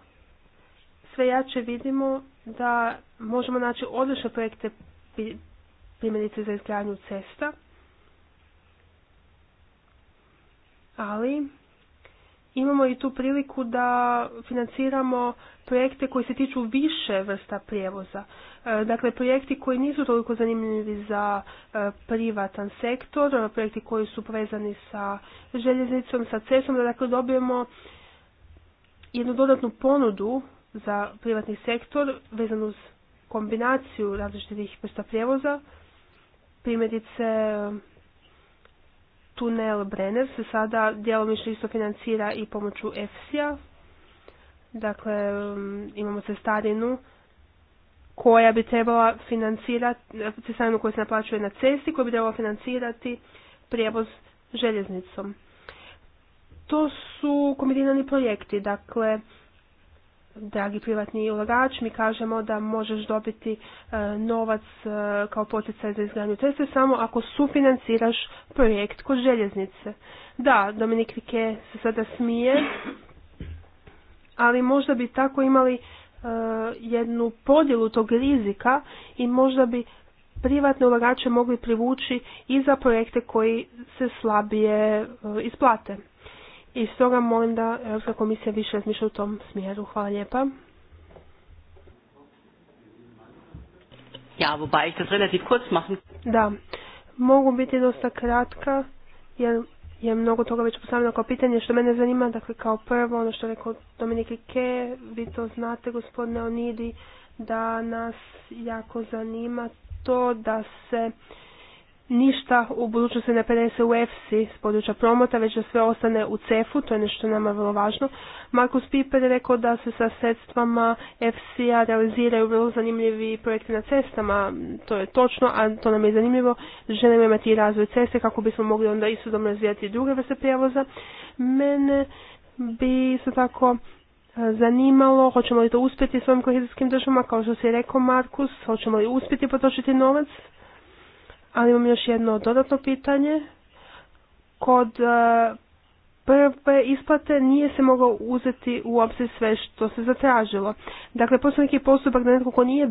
sve jače vidimo da možemo naći odlične projekte primjerice za izgradnju cesta, ali imamo i tu priliku da financiramo projekte koji se tiču više vrsta prijevoza. E, dakle, projekti koji nisu toliko zanimljivi za e, privatan sektor, e, projekti koji su povezani sa željeznicom, sa cestom, da dakle dobijemo jednu dodatnu ponudu za privatni sektor vezanu uz kombinaciju različitih vrsta prijevoza, primjerice tunel Brenner se sada djelomično isto financira i pomoću EFSI-a. Dakle, um, imamo cestarinu koja bi trebala financirati, cestarinu koja se naplaćuje na cesti, koja bi trebala financirati prijevoz željeznicom. To su kombinirani projekti, dakle, dragi privatni ulagač, mi kažemo da možeš dobiti e, novac e, kao poticaj za izgradnju ceste samo ako sufinanciraš projekt kod željeznice. Da, Dominik Rike se sada smije, ali možda bi tako imali e, jednu podjelu tog rizika i možda bi privatne ulagače mogli privući i za projekte koji se slabije isplate. I stoga molim da Europska komisija više razmišlja u tom smjeru. Hvala lijepa. Ja, relativ kurz Da, mogu biti dosta kratka, jer je mnogo toga već postavljeno kao pitanje što mene zanima, dakle kao prvo ono što je rekao Dominik Ike, vi to znate gospodine Onidi, da nas jako zanima to da se ništa u budućnosti ne prenese u FC s područja promota, već da sve ostane u CEF-u, to je nešto nama vrlo važno. Markus Piper je rekao da se sa sredstvama fc a realiziraju vrlo zanimljivi projekti na cestama, to je točno, a to nam je zanimljivo. Želimo imati i razvoj ceste kako bismo mogli onda istodobno razvijati i druge vrste prijevoza. Mene bi isto tako e, zanimalo, hoćemo li to uspjeti svojim ovim kohezijskim državama, kao što si je rekao Markus, hoćemo li uspjeti potrošiti novac ali imam još jedno dodatno pitanje. Kod e, prve isplate nije se moglo uzeti u obzir sve što se zatražilo. Dakle, postoji neki postupak da netko ko nije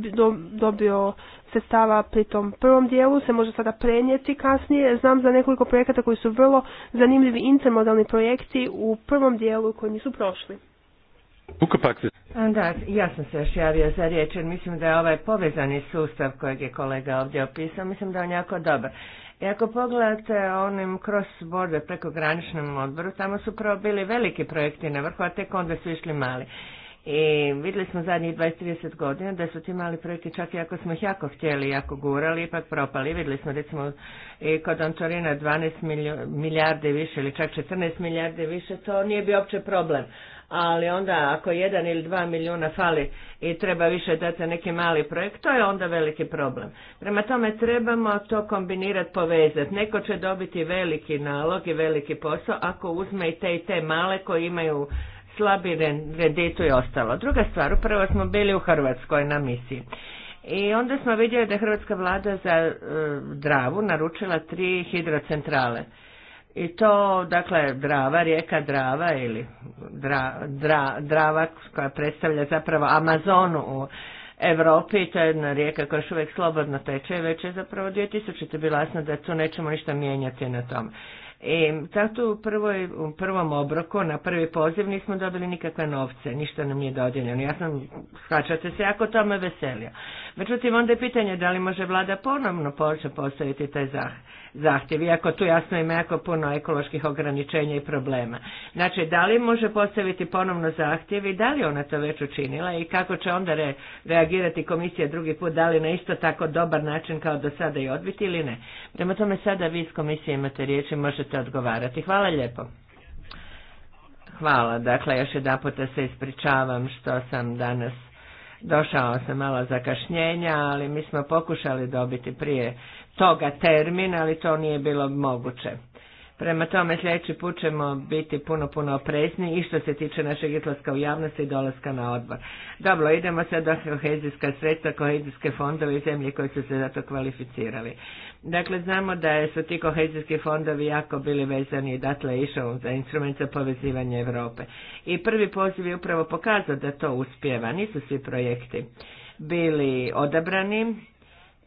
dobio sredstava pri tom prvom dijelu se može sada prenijeti kasnije. Znam za nekoliko projekata koji su vrlo zanimljivi intermodalni projekti u prvom dijelu koji nisu prošli. Da, ja sam se još javio za riječ jer mislim da je ovaj povezani sustav kojeg je kolega ovdje opisao, mislim da je on jako dobar. I ako pogledate onim cross border prekograničnom odboru, tamo su prvo bili veliki projekti na vrhu, a tek onda su išli mali. I vidjeli smo zadnjih 20-30 godina da su ti mali projekti čak i ako smo ih jako htjeli, jako gurali, ipak propali. Vidjeli smo recimo i kod Antorina 12 milijarde više ili čak 14 milijarde više, to nije bio uopće problem ali onda ako jedan ili dva milijuna fali i treba više dati na neki mali projekt, to je onda veliki problem. Prema tome trebamo to kombinirati, povezati. Neko će dobiti veliki nalog i veliki posao ako uzme i te i te male koji imaju slabi renditu i ostalo. Druga stvar, upravo smo bili u Hrvatskoj na misiji. I onda smo vidjeli da je Hrvatska vlada za e, Dravu naručila tri hidrocentrale. I to, dakle, Drava, rijeka Drava ili dra, Drava koja predstavlja zapravo Amazonu u Europi, to je jedna rijeka koja još uvijek slobodno teče, već je zapravo 2000. bilo jasno da tu nećemo ništa mijenjati na tom. I tako u, prvoj, u prvom obroku, na prvi poziv, nismo dobili nikakve novce, ništa nam nije dodijeljeno. Ja sam, shvaćate se, jako tome veselio. Međutim, onda je pitanje da li može vlada ponovno poče postaviti taj zahtjev, iako tu jasno ima jako puno ekoloških ograničenja i problema. Znači, da li može postaviti ponovno zahtjev i da li ona to već učinila i kako će onda reagirati komisija drugi put, da li na isto tako dobar način kao do sada i odbiti ili ne. Prema tome, sada vi s komisije imate riječ i možete odgovarati. Hvala lijepo. Hvala, dakle još jedan puta se ispričavam što sam danas Došao sam malo zakašnjenja, ali mi smo pokušali dobiti prije toga termin, ali to nije bilo moguće. Prema tome sljedeći put ćemo biti puno, puno oprezni i što se tiče našeg izlaska u javnosti i dolaska na odbor. Dobro, idemo sad do kohezijska sredstva, kohezijske fondove i zemlje koje su se za to kvalificirali. Dakle, znamo da su ti kohezijski fondovi jako bili vezani i datle išao za instrument za povezivanje Europe. I prvi poziv je upravo pokazao da to uspjeva, nisu svi projekti bili odabrani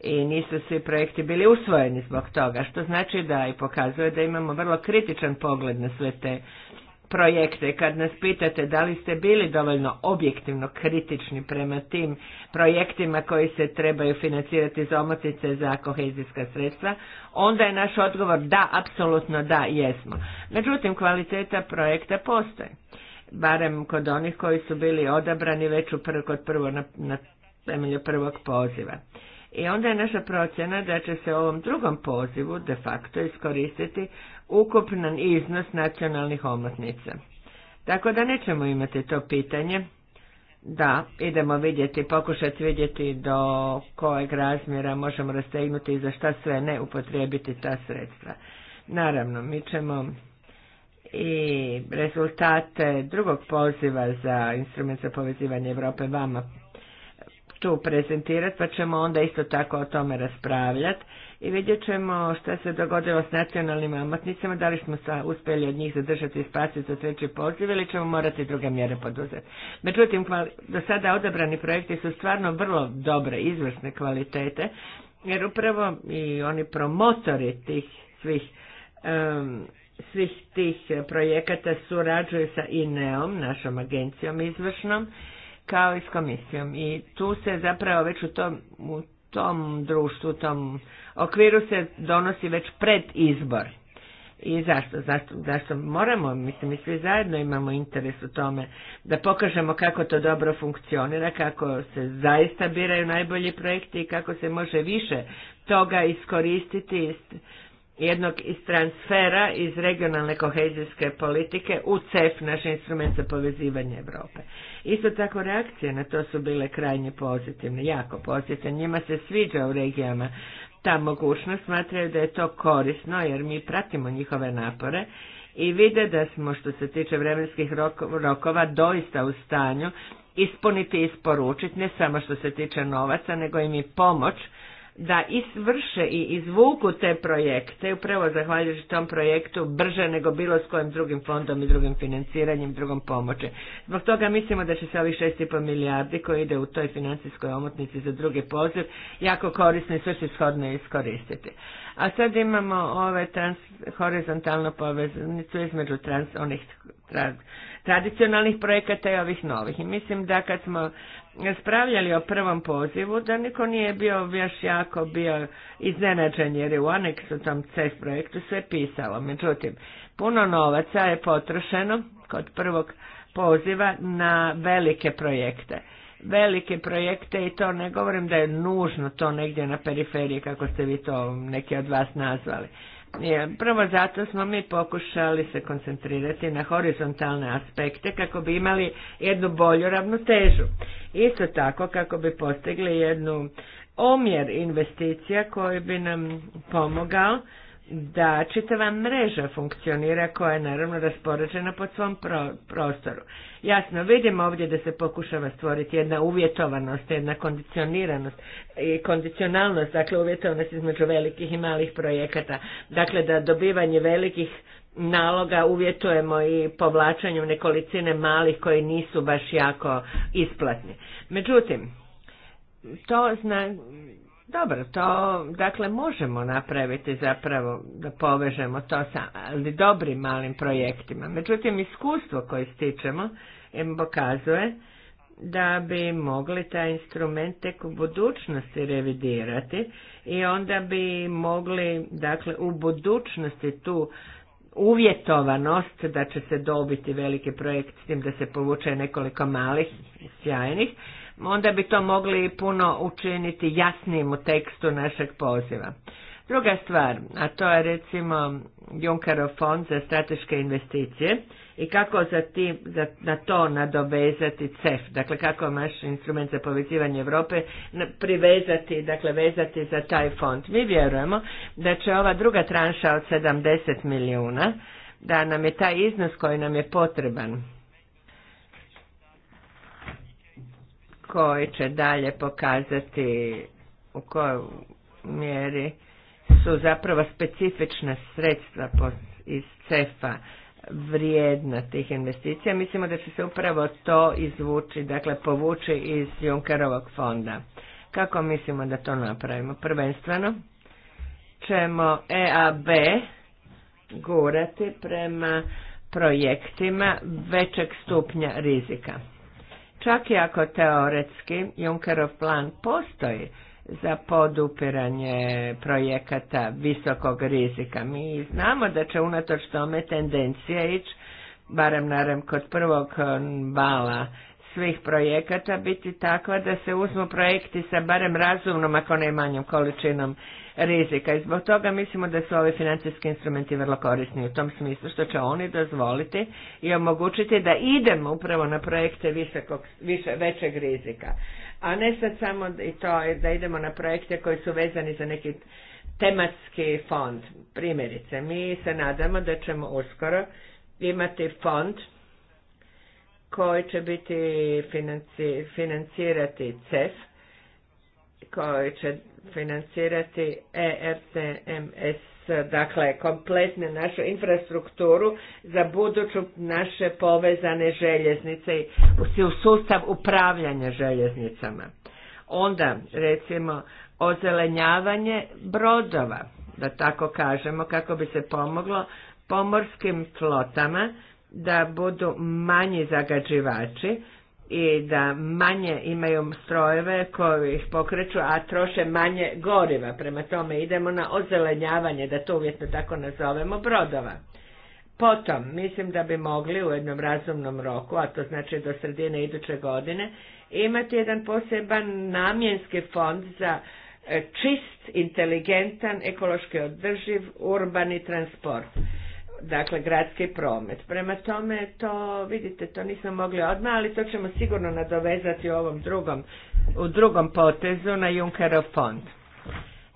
i nisu svi projekti bili usvojeni zbog toga, što znači da i pokazuje da imamo vrlo kritičan pogled na sve te projekte. Kad nas pitate da li ste bili dovoljno objektivno kritični prema tim projektima koji se trebaju financirati za omotnice za kohezijska sredstva, onda je naš odgovor da, apsolutno da, jesmo. Međutim, kvaliteta projekta postoji. Barem kod onih koji su bili odabrani već u kod prvo na, na temelju prvog poziva. I onda je naša procjena da će se ovom drugom pozivu de facto iskoristiti ukupnan iznos nacionalnih omotnica. Tako da nećemo imati to pitanje. Da, idemo vidjeti, pokušati vidjeti do kojeg razmjera možemo rastegnuti i za šta sve ne upotrijebiti ta sredstva. Naravno, mi ćemo i rezultate drugog poziva za instrument za povezivanje Europe vama tu prezentirati, pa ćemo onda isto tako o tome raspravljati i vidjet ćemo što se dogodilo s nacionalnim amatnicama, da li smo sa, uspjeli od njih zadržati spasiti za treći poziv ili ćemo morati druge mjere poduzeti. Međutim, do sada odabrani projekti su stvarno vrlo dobre, izvrsne kvalitete, jer upravo i oni promotori tih svih um, svih tih projekata surađuju sa INEOM, našom agencijom izvršnom, kao i s komisijom. I tu se zapravo već u tom, u tom društvu, u tom okviru se donosi već pred izbor. I zašto? Zašto, zašto moramo, mislim, mi svi zajedno imamo interes u tome da pokažemo kako to dobro funkcionira, kako se zaista biraju najbolji projekti i kako se može više toga iskoristiti jednog iz transfera iz regionalne kohezijske politike u CEF, naš instrument za povezivanje Europe. Isto tako reakcije na to su bile krajnje pozitivne, jako pozitivne. Njima se sviđa u regijama ta mogućnost, smatraju da je to korisno jer mi pratimo njihove napore i vide da smo što se tiče vremenskih rokova doista u stanju ispuniti i isporučiti ne samo što se tiče novaca nego im i pomoć da isvrše i izvuku te projekte, upravo zahvaljujući tom projektu, brže nego bilo s kojim drugim fondom i drugim financiranjem, drugom pomoći. Zbog toga mislimo da će se ovih 6,5 milijardi koji ide u toj financijskoj omotnici za drugi poziv jako korisno i shodno iskoristiti. A sad imamo ove trans, horizontalnu poveznicu između trans, onih tradicionalnih projekata i ovih novih. I mislim da kad smo spravljali o prvom pozivu, da niko nije bio još jako bio iznenađen, jer je u aneksu tom CES projektu sve pisalo. Međutim, puno novaca je potrošeno kod prvog poziva na velike projekte. Velike projekte i to ne govorim da je nužno to negdje na periferiji, kako ste vi to neki od vas nazvali prvo zato smo mi pokušali se koncentrirati na horizontalne aspekte kako bi imali jednu bolju ravnotežu. Isto tako kako bi postigli jednu omjer investicija koji bi nam pomogao da čitava mreža funkcionira koja je naravno raspoređena pod svom pro prostoru. Jasno, vidimo ovdje da se pokušava stvoriti jedna uvjetovanost, jedna kondicioniranost i kondicionalnost, dakle uvjetovanost između velikih i malih projekata. Dakle, da dobivanje velikih naloga uvjetujemo i povlačenju nekolicine malih koji nisu baš jako isplatni. Međutim, to zna, dobro, to dakle možemo napraviti zapravo da povežemo to sa ali dobrim malim projektima. Međutim, iskustvo koje stičemo im pokazuje da bi mogli taj instrument tek u budućnosti revidirati i onda bi mogli dakle u budućnosti tu uvjetovanost da će se dobiti veliki projekt s tim da se povuče nekoliko malih sjajnih onda bi to mogli puno učiniti jasnijim u tekstu našeg poziva. Druga stvar, a to je recimo Junkerov fond za strateške investicije i kako za, za na to nadovezati CEF, dakle kako naš instrument za povezivanje Europe privezati, dakle vezati za taj fond. Mi vjerujemo da će ova druga tranša od 70 milijuna, da nam je taj iznos koji nam je potreban, koji će dalje pokazati u kojoj mjeri su zapravo specifična sredstva iz CEFA vrijedna tih investicija. Mislimo da će se upravo to izvući, dakle povući iz Junkerovog fonda. Kako mislimo da to napravimo? Prvenstveno ćemo EAB gurati prema projektima većeg stupnja rizika. Čak i ako teoretski Junkerov plan postoji za podupiranje projekata visokog rizika, mi znamo da će unatoč tome tendencija ići, barem naravno kod prvog bala, um, svih projekata biti takva da se uzmu projekti sa barem razumnom, ako ne manjom količinom rizika. I zbog toga mislimo da su ovi financijski instrumenti vrlo korisni u tom smislu što će oni dozvoliti i omogućiti da idemo upravo na projekte visokog, više, većeg rizika. A ne sad samo i to da idemo na projekte koji su vezani za neki tematski fond. Primjerice, mi se nadamo da ćemo uskoro imati fond koji će biti financirati CEF, koji će financirati ERTMS, dakle kompletnu našu infrastrukturu za buduću naše povezane željeznice i u sustav upravljanja željeznicama. Onda, recimo, ozelenjavanje brodova, da tako kažemo, kako bi se pomoglo pomorskim flotama da budu manji zagađivači i da manje imaju strojeve koji ih pokreću, a troše manje goriva. Prema tome idemo na ozelenjavanje, da to uvjetno tako nazovemo, brodova. Potom, mislim da bi mogli u jednom razumnom roku, a to znači do sredine iduće godine, imati jedan poseban namjenski fond za e, čist, inteligentan, ekološki održiv, urbani transport dakle gradski promet. Prema tome to, vidite, to nismo mogli odmah, ali to ćemo sigurno nadovezati u ovom drugom, u drugom potezu na Junkerov fond.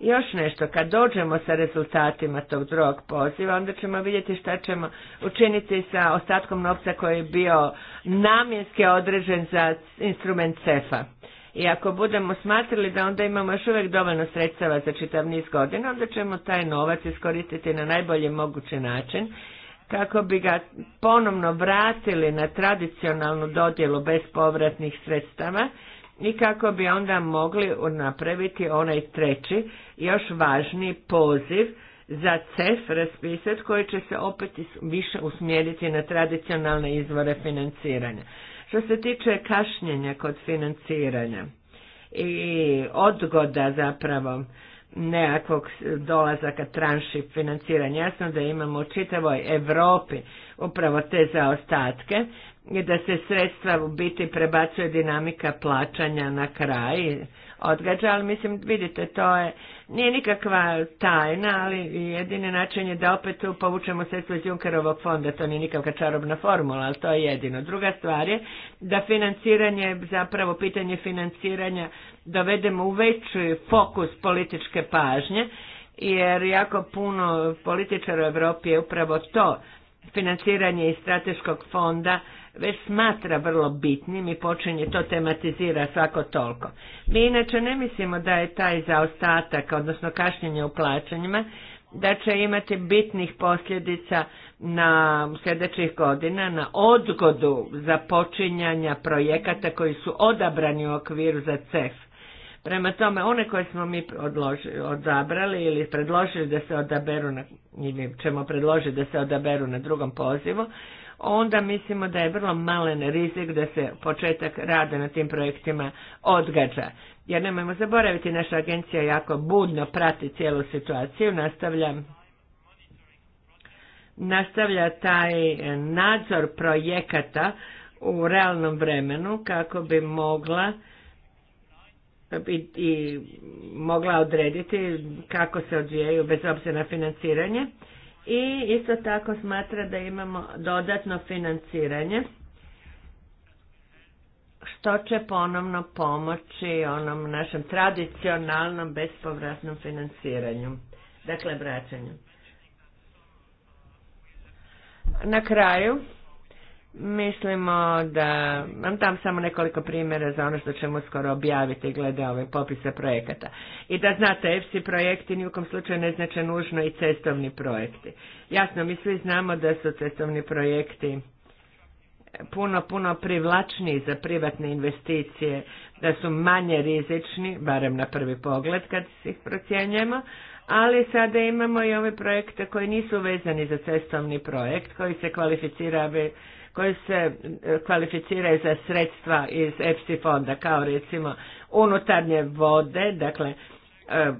Još nešto, kad dođemo sa rezultatima tog drugog poziva, onda ćemo vidjeti šta ćemo učiniti sa ostatkom novca koji je bio namjenski određen za instrument CEFA. I ako budemo smatrali da onda imamo još uvijek dovoljno sredstava za čitav niz godina, onda ćemo taj novac iskoristiti na najbolji mogući način kako bi ga ponovno vratili na tradicionalnu dodjelu povratnih sredstava i kako bi onda mogli napraviti onaj treći, još važniji poziv za CEF raspisati koji će se opet više usmjeriti na tradicionalne izvore financiranja. Što se tiče kašnjenja kod financiranja i odgoda zapravo nekakvog dolazaka tranši financiranja, jasno da imamo u čitavoj Europi upravo te zaostatke i da se sredstva u biti prebacuje dinamika plaćanja na kraj odgađa, ali mislim vidite to je nije nikakva tajna, ali jedini način je da opet tu povučemo sredstvo iz Junkerovog fonda, to nije nikakva čarobna formula, ali to je jedino. Druga stvar je da financiranje, zapravo pitanje financiranja dovedemo u veći fokus političke pažnje, jer jako puno političara u Europi je upravo to financiranje iz strateškog fonda već smatra vrlo bitnim i počinje to tematizira svako toliko. Mi inače ne mislimo da je taj zaostatak, odnosno kašnjenje u plaćanjima, da će imati bitnih posljedica na sljedećih godina na odgodu započinjanja projekata koji su odabrani u okviru za CEF. Prema tome, one koje smo mi odabrali ili predložili da se odaberu na, ili ćemo predložiti da se odaberu na drugom pozivu, onda mislimo da je vrlo malen rizik da se početak rada na tim projektima odgađa. Jer nemojmo zaboraviti, naša agencija jako budno prati cijelu situaciju, nastavlja nastavlja taj nadzor projekata u realnom vremenu kako bi mogla i, i mogla odrediti kako se odvijaju bez obzira na financiranje i isto tako smatra da imamo dodatno financiranje što će ponovno pomoći onom našem tradicionalnom bespovratnom financiranju, dakle vraćanju. Na kraju Mislimo da, vam dam samo nekoliko primjera za ono što ćemo skoro objaviti glede ove popise projekata. I da znate, EFSI projekti ni u kom slučaju ne znače nužno i cestovni projekti. Jasno, mi svi znamo da su cestovni projekti puno, puno privlačniji za privatne investicije, da su manje rizični, barem na prvi pogled kad ih procjenjujemo, ali sada imamo i ove projekte koji nisu vezani za cestovni projekt, koji se kvalificira koji se e, kvalificiraju za sredstva iz EPSI fonda, kao recimo unutarnje vode, dakle e,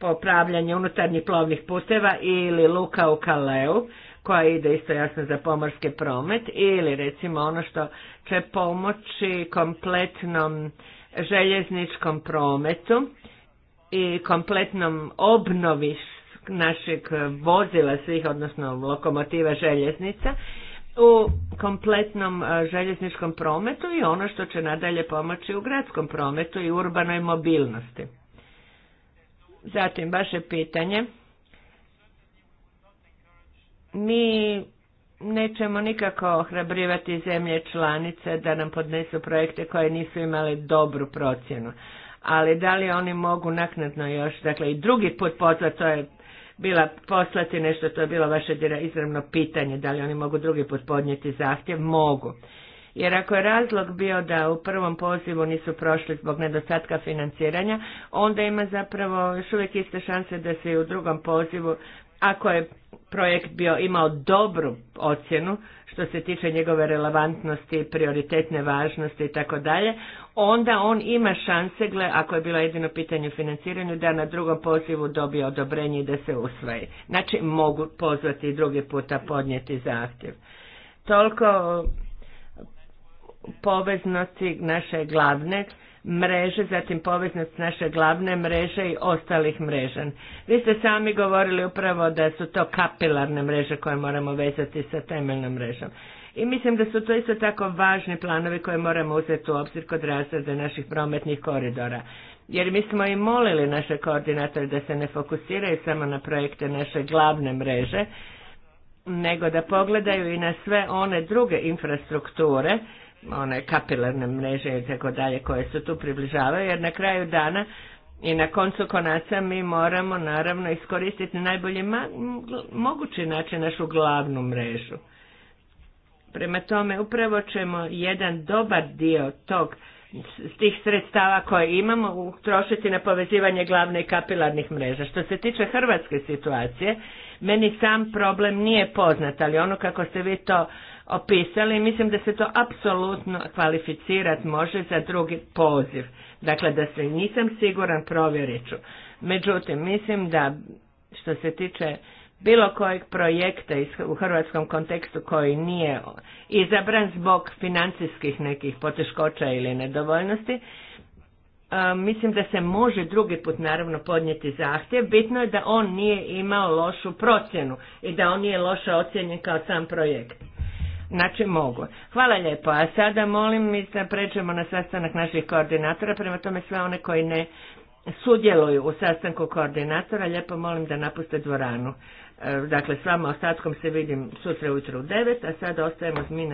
popravljanje unutarnjih plovnih puteva ili luka u Kaleu, koja ide isto jasno za pomorski promet, ili recimo ono što će pomoći kompletnom željezničkom prometu i kompletnom obnovi našeg vozila svih, odnosno lokomotiva željeznica u kompletnom e, željezničkom prometu i ono što će nadalje pomoći u gradskom prometu i urbanoj mobilnosti. Zatim, vaše pitanje. Mi nećemo nikako ohrabrivati zemlje članice da nam podnesu projekte koje nisu imale dobru procjenu. Ali da li oni mogu naknadno još, dakle i drugi put pozvati, to je bila poslati nešto, to je bilo vaše izravno pitanje, da li oni mogu drugi put podnijeti zahtjev, mogu. Jer ako je razlog bio da u prvom pozivu nisu prošli zbog nedostatka financiranja, onda ima zapravo još uvijek iste šanse da se i u drugom pozivu, ako je projekt bio imao dobru ocjenu, što se tiče njegove relevantnosti, prioritetne važnosti i tako dalje, onda on ima šanse, gle, ako je bilo jedino pitanje u financiranju, da na drugom pozivu dobije odobrenje i da se usvoji. Znači, mogu pozvati i drugi puta podnijeti zahtjev. Toliko poveznosti naše glavne mreže, zatim poveznost naše glavne mreže i ostalih mreža. Vi ste sami govorili upravo da su to kapilarne mreže koje moramo vezati sa temeljnom mrežom. I mislim da su to isto tako važni planovi koje moramo uzeti u obzir kod razreda naših prometnih koridora. Jer mi smo i molili naše koordinatore da se ne fokusiraju samo na projekte naše glavne mreže, nego da pogledaju i na sve one druge infrastrukture one kapilarne mreže i tako dalje koje se tu približavaju jer na kraju dana i na koncu konaca mi moramo naravno iskoristiti najbolji mogući način našu glavnu mrežu. Prema tome upravo ćemo jedan dobar dio tog tih sredstava koje imamo utrošiti na povezivanje glavne i kapilarnih mreža. Što se tiče hrvatske situacije, meni sam problem nije poznat, ali ono kako ste vi to opisali, mislim da se to apsolutno kvalificirati može za drugi poziv. Dakle, da se nisam siguran, provjerit ću. Međutim, mislim da što se tiče bilo kojeg projekta u hrvatskom kontekstu koji nije izabran zbog financijskih nekih poteškoća ili nedovoljnosti, mislim da se može drugi put naravno podnijeti zahtjev. Bitno je da on nije imao lošu procjenu i da on nije loše ocijenjen kao sam projekt. Znači mogu. Hvala lijepo. A sada molim mi da pređemo na sastanak naših koordinatora, prema tome sve one koji ne sudjeluju u sastanku koordinatora, lijepo molim da napuste dvoranu. E, dakle, s vama ostatkom se vidim sutra ujutro u 9, a sada ostajemo mi